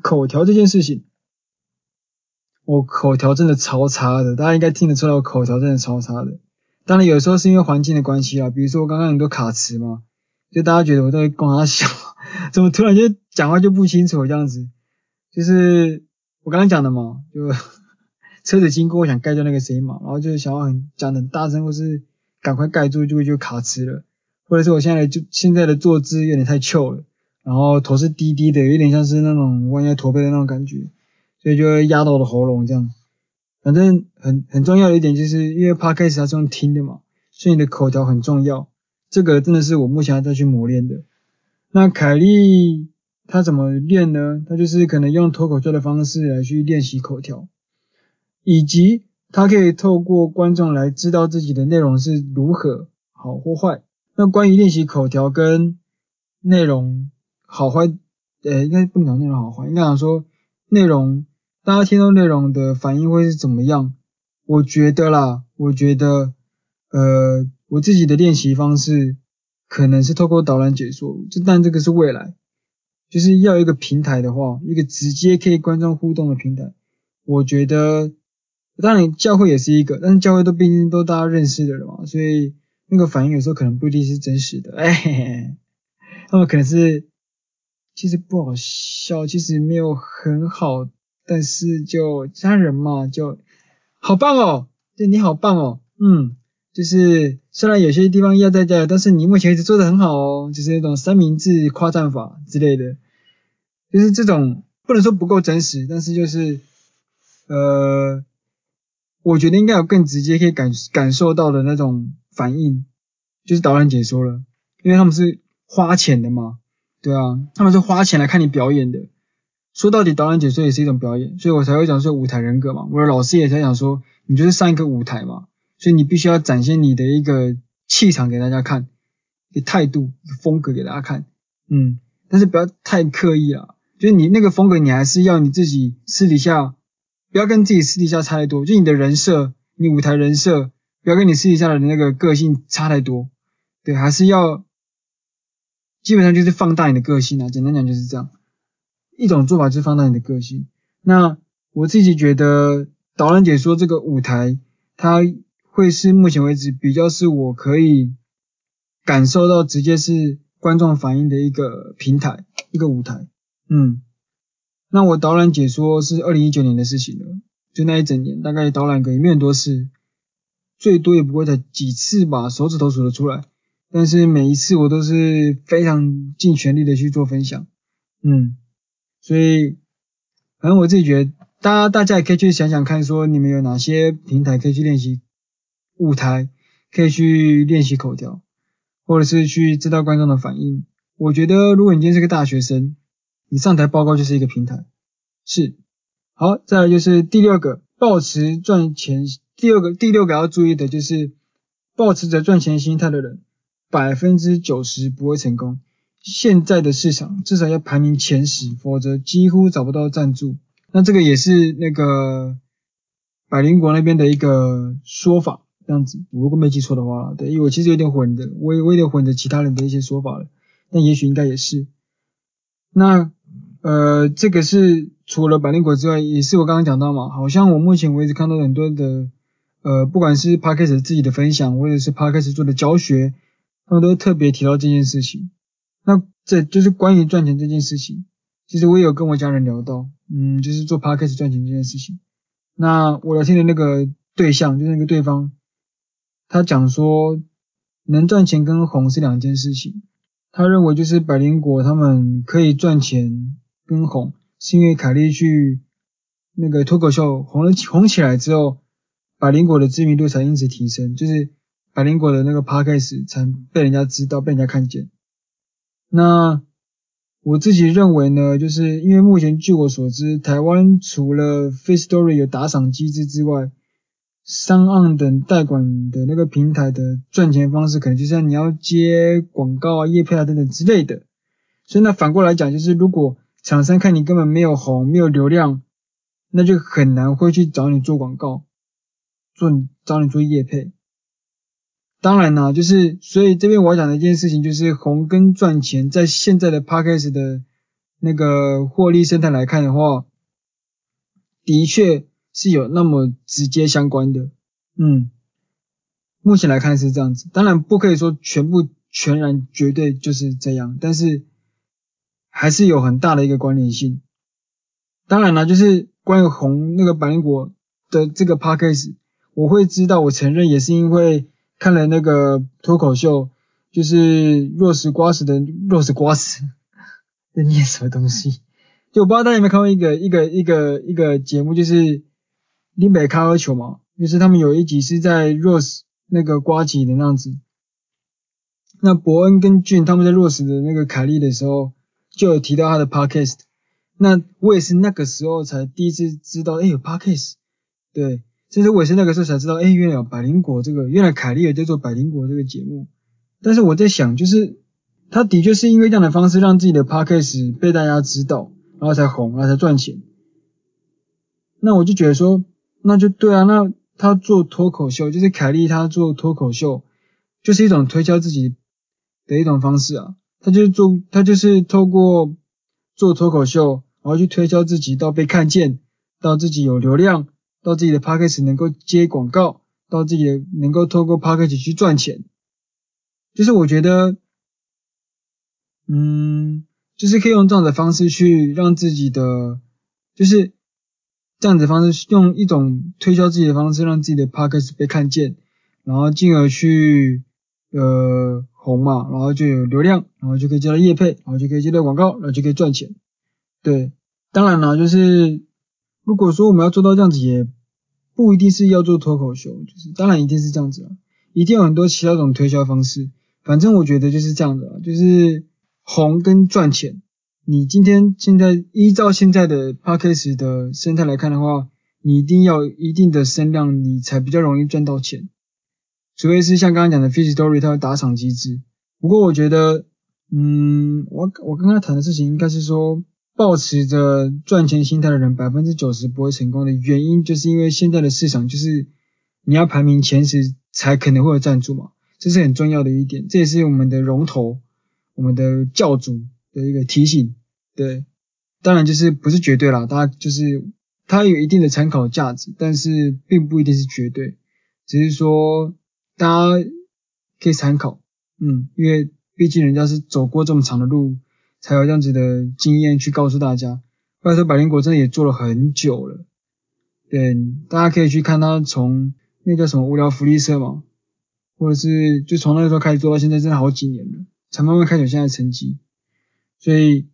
口條這件事情。我口條真的超差的，大家應該聽得出來我口條真的超差的。當然有時候是因為環境的關係啊，比如說我剛剛很多卡詞嘛，就大家覺得我在故意搞笑，怎麼突然間講話就不清楚這樣子？就是我剛剛講的嘛，就。車子經過，我想蓋掉那個誰嘛，然後就是想要很，講很大聲，或是趕快蓋住就會就卡詞，了。或者是我現在的就現在的坐姿有點太翹了，然後頭是低低的，有一點像是那種彎腰駝背的那種感覺，所以就會壓到我的喉嚨這樣。反正很很重要的一點，就是因為 Podcast 它是用聽的嘛，所以你的口條很重要。這個真的是我目前還在去磨練的。那凱莉她怎麼練呢？她就是可能用脫口秀的方式來去練習口條。以及他可以透過觀眾來知道自己的內容是如何好或壞。那關於練習口條跟內容好壞，誒、欸、應該不能講內容好壞，應該講說內容，大家聽到內容的反應會是怎麼樣？我覺得啦，我覺得，呃，我自己的練習方式可能是透過導覽解說。這但這個是未來，就是要一個平台的話，一個直接可以觀眾互動的平台，我覺得。當然，教會也是一個，但是教會都畢竟都大家認識的人嘛，所以那個反應有時候可能不一定是真實的，哎，那麼可能是其實不好笑，其實沒有很好，但是就他人嘛，就好棒哦，對，你好棒哦，嗯，就是雖然有些地方要再加，但是你目前一直做得很好哦，就是那種三明治誇讚法之類的，就是這種不能說不夠真實，但是就是呃。我覺得應該有更直接可以感感受到的那種反應，就是導覽解說了，因為他們是花錢的嘛，對啊，他們是花錢來看你表演的。說到底，導覽解說也是一種表演，所以我才會講說舞台人格嘛。我的老師也在講說，你就是上一個舞台嘛，所以你必須要展現你的一個氣場給大家看，的態度一個風格給大家看，嗯，但是不要太刻意啊，就是你那個風格，你還是要你自己私底下。不要跟自己私底下差太多，就你的人設，你舞台人設，不要跟你私底下的那個個性差太多。對，還是要基本上就是放大你的個性啊。簡單講就是這樣，一種做法就是放大你的個性。那我自己覺得，導演解說這個舞台，它會是目前為止比較是我可以感受到直接是觀眾反應的一個平台，一個舞台。嗯。那我導覽解說是二零一九年的事情了，就那一整年，大概導覽可能也沒很多次，最多也不會才幾次吧，手指頭數得出來。但是每一次我都是非常盡全力的去做分享，嗯，所以反正我自己覺得，大家大家也可以去想想看，說你們有哪些平台可以去練習舞台，可以去練習口條，或者是去知道觀眾的反應。我覺得如果你今天是個大學生。你上台報告就是一個平台，是。好，再來就是第六個，抱持賺錢。第二個、第六個要注意的就是，抱持著賺錢心態的人，百分之九十不會成功。現在的市場至少要排名前十，否則幾乎找不到贊助。那這個也是那個百靈果那邊的一個說法，這樣子。如果沒記錯的話，對，我其實有點混的，微微的混着其他人的一些說法了。但也許應該也是。那。呃，這個是除了百靈果之外，也是我剛剛講到嘛，好像我目前為止看到很多的，呃，不管是 podcast 自己的分享，或者是 podcast 做的教學，他們都特別提到這件事情。那這就是關於賺錢這件事情。其實我也有跟我家人聊到，嗯，就是做 podcast 賺錢這件事情。那我聊天的那個對象，就是那個對方，他講說，能賺錢跟紅是兩件事情。他認為就是百靈果他們可以賺錢。跟紅是因為凱莉去那個脫口秀紅了紅起來之後，百靈果的知名度才因此提升，就是百靈果的那個 podcast 才被人家知道被人家看見。那我自己認為呢，就是因為目前據我所知，台灣除了 Firstory 有打賞機制之外，SoundOn 等代管的那個平台的賺錢方式可能就像你要接廣告啊、業配啊等等之類的。所以呢，反過來講就是如果廠商看你根本沒有紅，沒有流量，那就很難會去找你做廣告，做你找你做業配。當然啦、啊，就是所以這邊我要講的一件事情，就是紅跟賺錢，在現在的 Podcast 的那個獲利生態來看的話，的確是有那麼直接相關的。嗯，目前來看是這樣子，當然不可以說全部全然絕對就是這樣，但是。還是有很大的一個關聯性。當然了，就是關於紅那個百靈果的這個 podcast，我會知道。我承認也是因為看了那個脫口秀，就是若石瓜石的若石瓜石在念什麼東西。就我不知道大家有沒有看過一,一個一個一個一個節目，就是林北看啡球嘛，就是他們有一集是在若石那個瓜吉的那樣子。那伯恩跟俊他們在若石的那個凱莉的時候。就有提到他的 podcast，那我也是那個時候才第一次知道，哎、欸，有 podcast，對，就是我也是那個時候才知道，哎、欸，原來有百靈果這個，原來凱莉也在做百靈果這個節目。但是我在想，就是他的確是因為這樣的方式讓自己的 podcast 被大家知道，然後才紅，然後才賺錢。那我就覺得說，那就對啊，那他做脫口秀，就是凱莉她做脫口秀，就是一種推銷自己的一種方式啊。他就是做，他就是透過做脫口秀，然後去推銷自己，到被看見，到自己有流量，到自己的 podcast 能夠接廣告，到自己能夠透過 podcast 去賺錢。就是我覺得，嗯，就是可以用這樣的方式去讓自己的，就是這樣子的方式，用一種推銷自己的方式，讓自己的 podcast 被看見，然後進而去。呃，紅嘛，然後就有流量，然後就可以接到業配，然後就可以接到廣告，然後就可以賺錢。對，當然了就是如果說我們要做到這樣子，也不一定是要做脫口秀，就是當然一定是這樣子啊，一定有很多其他種推銷方式。反正我覺得就是這樣的，就是紅跟賺錢。你今天現在依照現在的 Podcast 的生態來看的話，你一定要一定的聲量，你才比較容易賺到錢。除非是像剛剛講的 Firstory 它有打賞機制。不過我覺得，嗯，我我剛剛談的事情應該是說，抱持着賺錢心態的人，百分之九十不會成功的原因，就是因為現在的市場就是你要排名前十才可能會有贊助嘛，這是很重要的一點。這也是我們的龍頭、我們的教主的一個提醒。對，當然就是不是絕對啦，大家就是它有一定的參考價值，但是並不一定是絕對，只是說。大家可以參考，嗯，因為畢竟人家是走過這麼長的路，才有這樣子的經驗去告訴大家。不然說百靈果真的也做了很久了，對，大家可以去看他從那個叫什麼無聊福利社嘛，或者是就從那時候開始做到現在，真的好幾年了，才慢慢開始有現在的成績。所以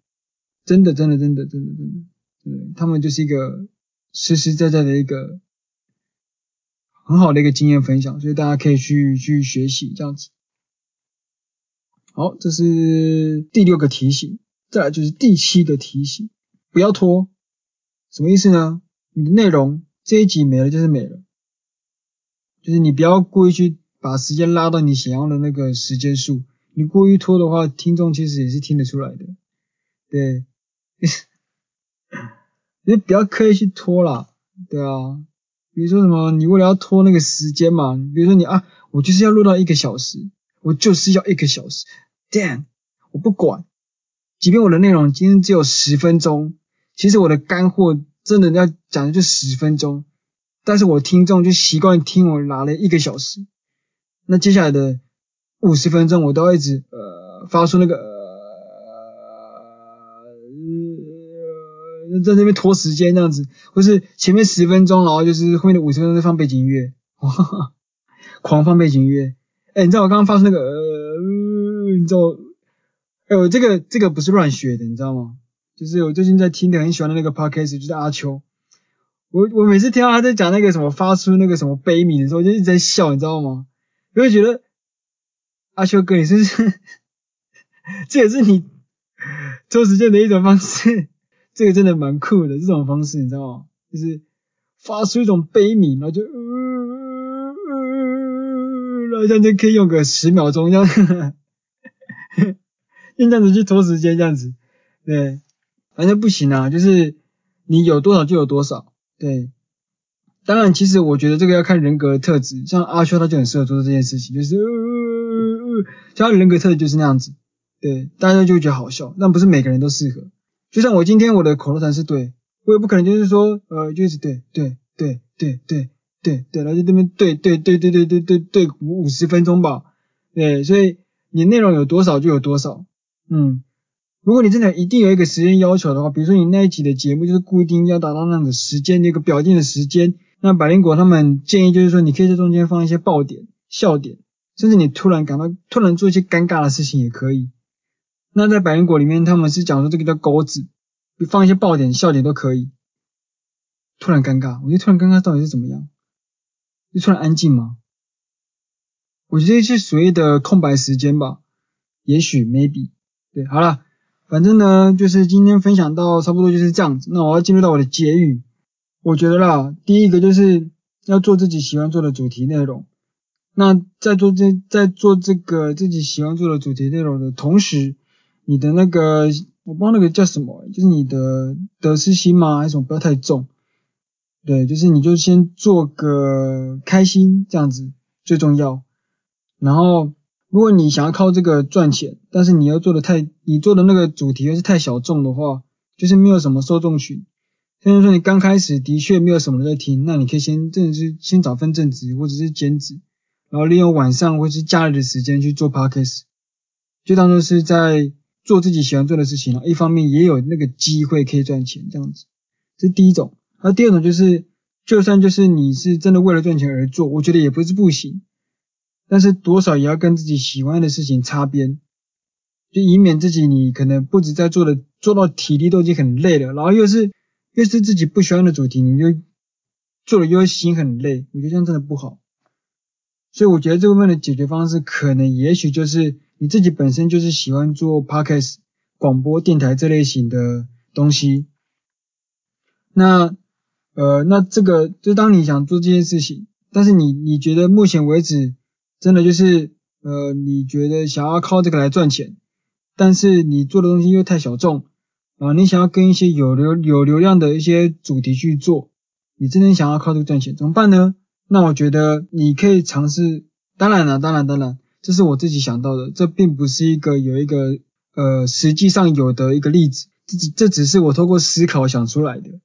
真的真的真的真的真的，他們就是一個實實在在，在的一個。很好的一個經驗分享，所以大家可以去去學習這樣子。好，這是第六個提醒，再來就是第七個提醒，不要拖。什麼意思呢？你的內容這一集沒了就是沒了，就是你不要故意去把時間拉到你想要的那個時間數，你過於拖的話，聽眾其實也是聽得出來的，對， 就是不要刻意去拖啦，對啊。比如說什麼，你為了要拖那個時間嘛？比如說你啊，我就是要錄到一個小時，我就是要一個小時。Damn，我不管，即便我的內容今天只有十分鐘，其實我的乾貨真的要講的就十分鐘，但是我聽眾就習慣聽我拿了一個小時，那接下來的五十分鐘我都會一直呃發出那個、呃。在那邊拖時間這樣子，或是前面十分鐘，然後就是後面的五十分鐘就放背景音樂，狂放背景音樂。哎、欸，你知道我剛剛發出那個，呃，你知道，哎、欸，我這個這個不是亂學的，你知道嗎？就是我最近在聽的很喜歡的那個 podcast，就是阿秋。我我每次聽到他在講那個什麼發出那個什麼悲鳴的時候，我就一直在笑，你知道嗎？因為覺得阿秋哥也是，是， 這也是你拖時間的一種方式。這個真的蠻酷的，這種方式你知道嗎？就是發出一種悲鳴，然後就，嗯嗯嗯嗯嗯，然後這樣就可以用個十秒鐘這樣，用這樣子去拖時間這樣子。對，反正不行啊，就是你有多少就有多少。對，當然其實我覺得這個要看人格的特質，像阿修他就很適合做這件事情，就是，呃呃呃、像他人格的特質就是那樣子。對，大家就覺得好笑，但不是每個人都適合。就像我今天我的口頭禪是對，我也不可能就是說呃，就是對對對對對對對，然後就對對對對對對對對對五五十分鐘吧，對，所以你內容有多少就有多少，嗯，如果你真的一定有一個時間要求的話，比如說你那一集的節目就是固定要達到那樣的時間，那個表定的時間，那百靈果他們建議就是說你可以在中間放一些爆點、笑點，甚至你突然感到突然做一些尷尬的事情也可以。那在《百靈果》裡面，他們是講說這個叫鈎子，放一些爆點、笑點都可以。突然尷尬，我就突然尷尬到底是怎麼樣？就突然安靜嗎？我覺得這是所謂的空白時間吧，也許 maybe 對，好了，反正呢就是今天分享到差不多就是這樣子。那我要進入到我的結語，我覺得啦，第一個就是要做自己喜歡做的主題內容。那在做這在做這個自己喜歡做的主題內容的同時，你的那個，我不知道那個叫什麼，就是你的得失心嘛，還是什麼不要太重，對，就是你就先做個開心這樣子最重要。然後，如果你想要靠這個賺錢，但是你要做的太，你做的那個主題又是太小眾的話，就是沒有什麼受眾群。雖然說你剛開始的確沒有什麼人在聽，那你可以先正式先找份正職或者是兼職，然後利用晚上或是假日的時間去做 podcast，就當做是在。做自己喜歡做的事情，一方面也有那個機會可以賺錢，這樣子，這是第一種。而第二種就是，就算就是你是真的為了賺錢而做，我覺得也不是不行，但是多少也要跟自己喜歡的事情擦邊，就以免自己你可能不止在做的做到體力都已經很累了，然後又是又是自己不喜歡的主題，你就做了又心很累，我覺得這樣真的不好。所以我覺得這部分的解決方式，可能也許就是。你自己本身就是喜歡做 Podcast 廣播電臺這類型的東西，那呃那這個，就當你想做這件事情，但是你你覺得目前為止，真的就是呃你覺得想要靠這個來賺錢，但是你做的東西又太小眾啊，然後你想要跟一些有流有流量的一些主題去做，你真的想要靠這個賺錢怎麼辦呢？那我覺得你可以嘗試，當然了啊，當然，當然。這是我自己想到的，這並不是一個有一個呃實際上有的一個例子，這這這只是我透過思考想出來的，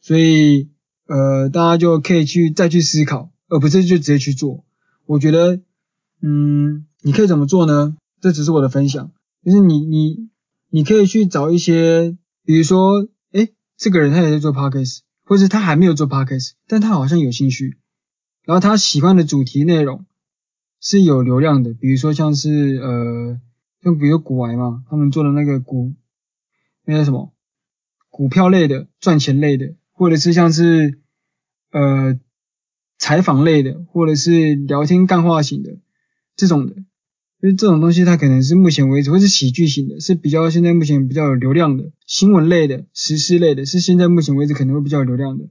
所以呃大家就可以去再去思考，而不是就直接去做。我覺得嗯，你可以怎麼做呢？這只是我的分享，就是你你你可以去找一些，比如說哎這個人他也在做 Podcast，或是他還沒有做 Podcast，但他好像有興趣，然後他喜歡的主題內容，是有流量的，比如說像是呃，就比如股癌嘛，他們做的那個股那叫什麼股票類的、賺錢類的，或者是像是呃採訪類的，或者是聊天幹話型的這種的，就是這種東西它可能是目前為止，會是喜劇型的，是比較現在目前比較有流量的新聞類的、時事類的，是現在目前為止可能會比較有流量的，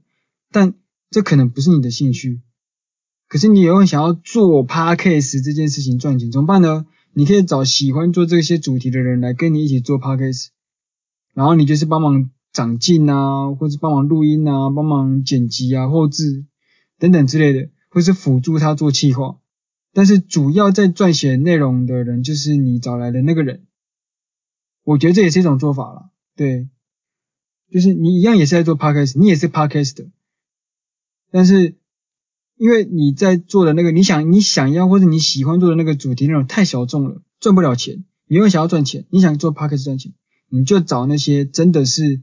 但這可能不是你的興趣。可是你以後想要做 podcast 這件事情賺錢，怎麼辦呢？你可以找喜歡做這些主題的人來跟你一起做 podcast，然後你就是幫忙長鏡啊，或者幫忙錄音啊，幫忙剪輯啊、後製等等之類的，或是輔助他做企劃。但是主要在撰寫內容的人，就是你找來的那個人。我覺得這也是一種做法啦，對，就是你一樣也是在做 podcast，你也是 podcast 的，但是。因為你在做的那個，你想你想要或者你喜歡做的那個主題，那種太小眾了，賺不了錢。你又想要賺錢，你想做 podcast 賺錢，你就找那些真的是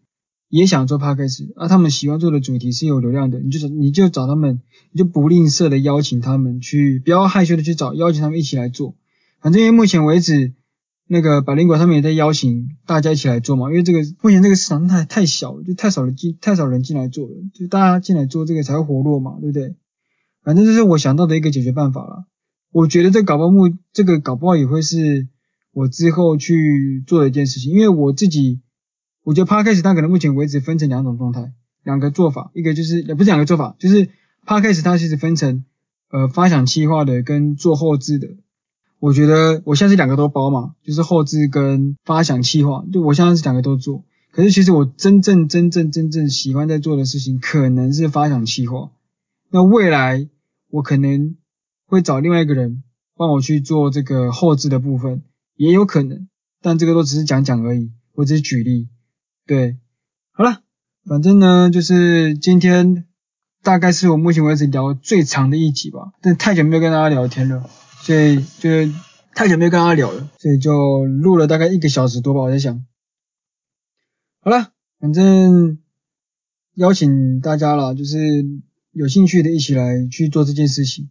也想做 podcast 啊，他們喜歡做的主題是有流量的，你就你就找他們，你就不吝嗇的邀請他們去，不要害羞的去找邀請他們一起來做。反正因為目前為止，那個百靈果他們也在邀請大家一起來做嘛，因為這個目前這個市場太太小了，就太少了進太少人進來做了，就大家進來做這個才會活絡嘛，對不對？反正這是我想到的一個解決辦法了。我覺得這搞不好這個搞不好也會是我之後去做的一件事情，因為我自己，我覺得 Podcast 它可能目前為止分成兩種狀態，兩個做法，一個就是也不是兩個做法，就是 Podcast 它其實分成呃發想企劃的跟做後製的。我覺得我現在是兩個都包嘛，就是後制跟發想企劃，就我現在是兩個都做。可是其實我真正真正真正喜歡在做的事情可能是發想企劃，那未來。我可能會找另外一個人幫我去做這個後置的部分，也有可能，但這個都只是講講而已，我只是舉例，對，好了，反正呢，就是今天大概是我目前為止聊最長的一集吧，但太久沒有跟大家聊天了，所以就太久沒有跟大家聊了，所以就錄了大概一個小時多吧，我在想，好了，反正邀請大家啦，就是。有興趣的，一起來去做這件事情。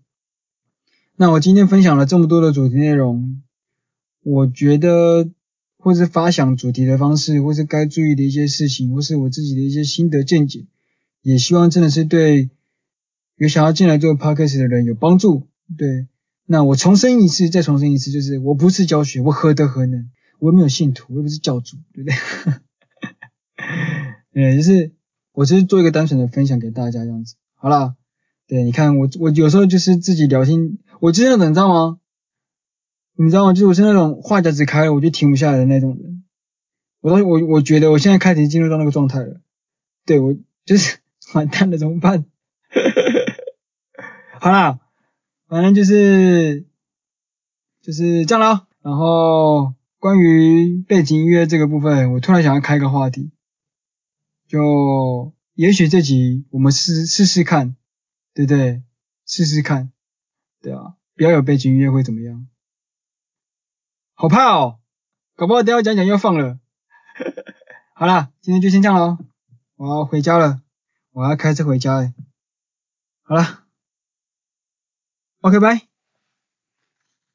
那我今天分享了這麼多的主題內容，我覺得或是發想主題的方式，或是該注意的一些事情，或是我自己的一些心得見解，也希望真的是對有想要進來做 podcast 的人有幫助。對，那我重申一次，再重申一次，就是我不是教學，我何德何能？我沒有信徒，我又不是教主，對不 對？嗯，就是我只是做一個單純的分享給大家，這樣子。好了，對，你看我我有時候就是自己聊天，我真的要等這嗎？你知道嗎？就是我是那種話匣子開了我就停不下來的那種人，我都我我覺得我現在開始進入到那個狀態了，對我就是完蛋了怎麼辦？ 好啦，反正就是就是這樣啦。然後關於背景音樂這個部分，我突然想要開一個話題，就。也許這集我們試試試看，對不對？試試看，對啊，不要有背景音樂會怎麼樣？好怕哦，搞不好等下講講又放了。好啦，今天就先這樣嘍，我要回家了，我要開車回家哎。好了，OK，拜。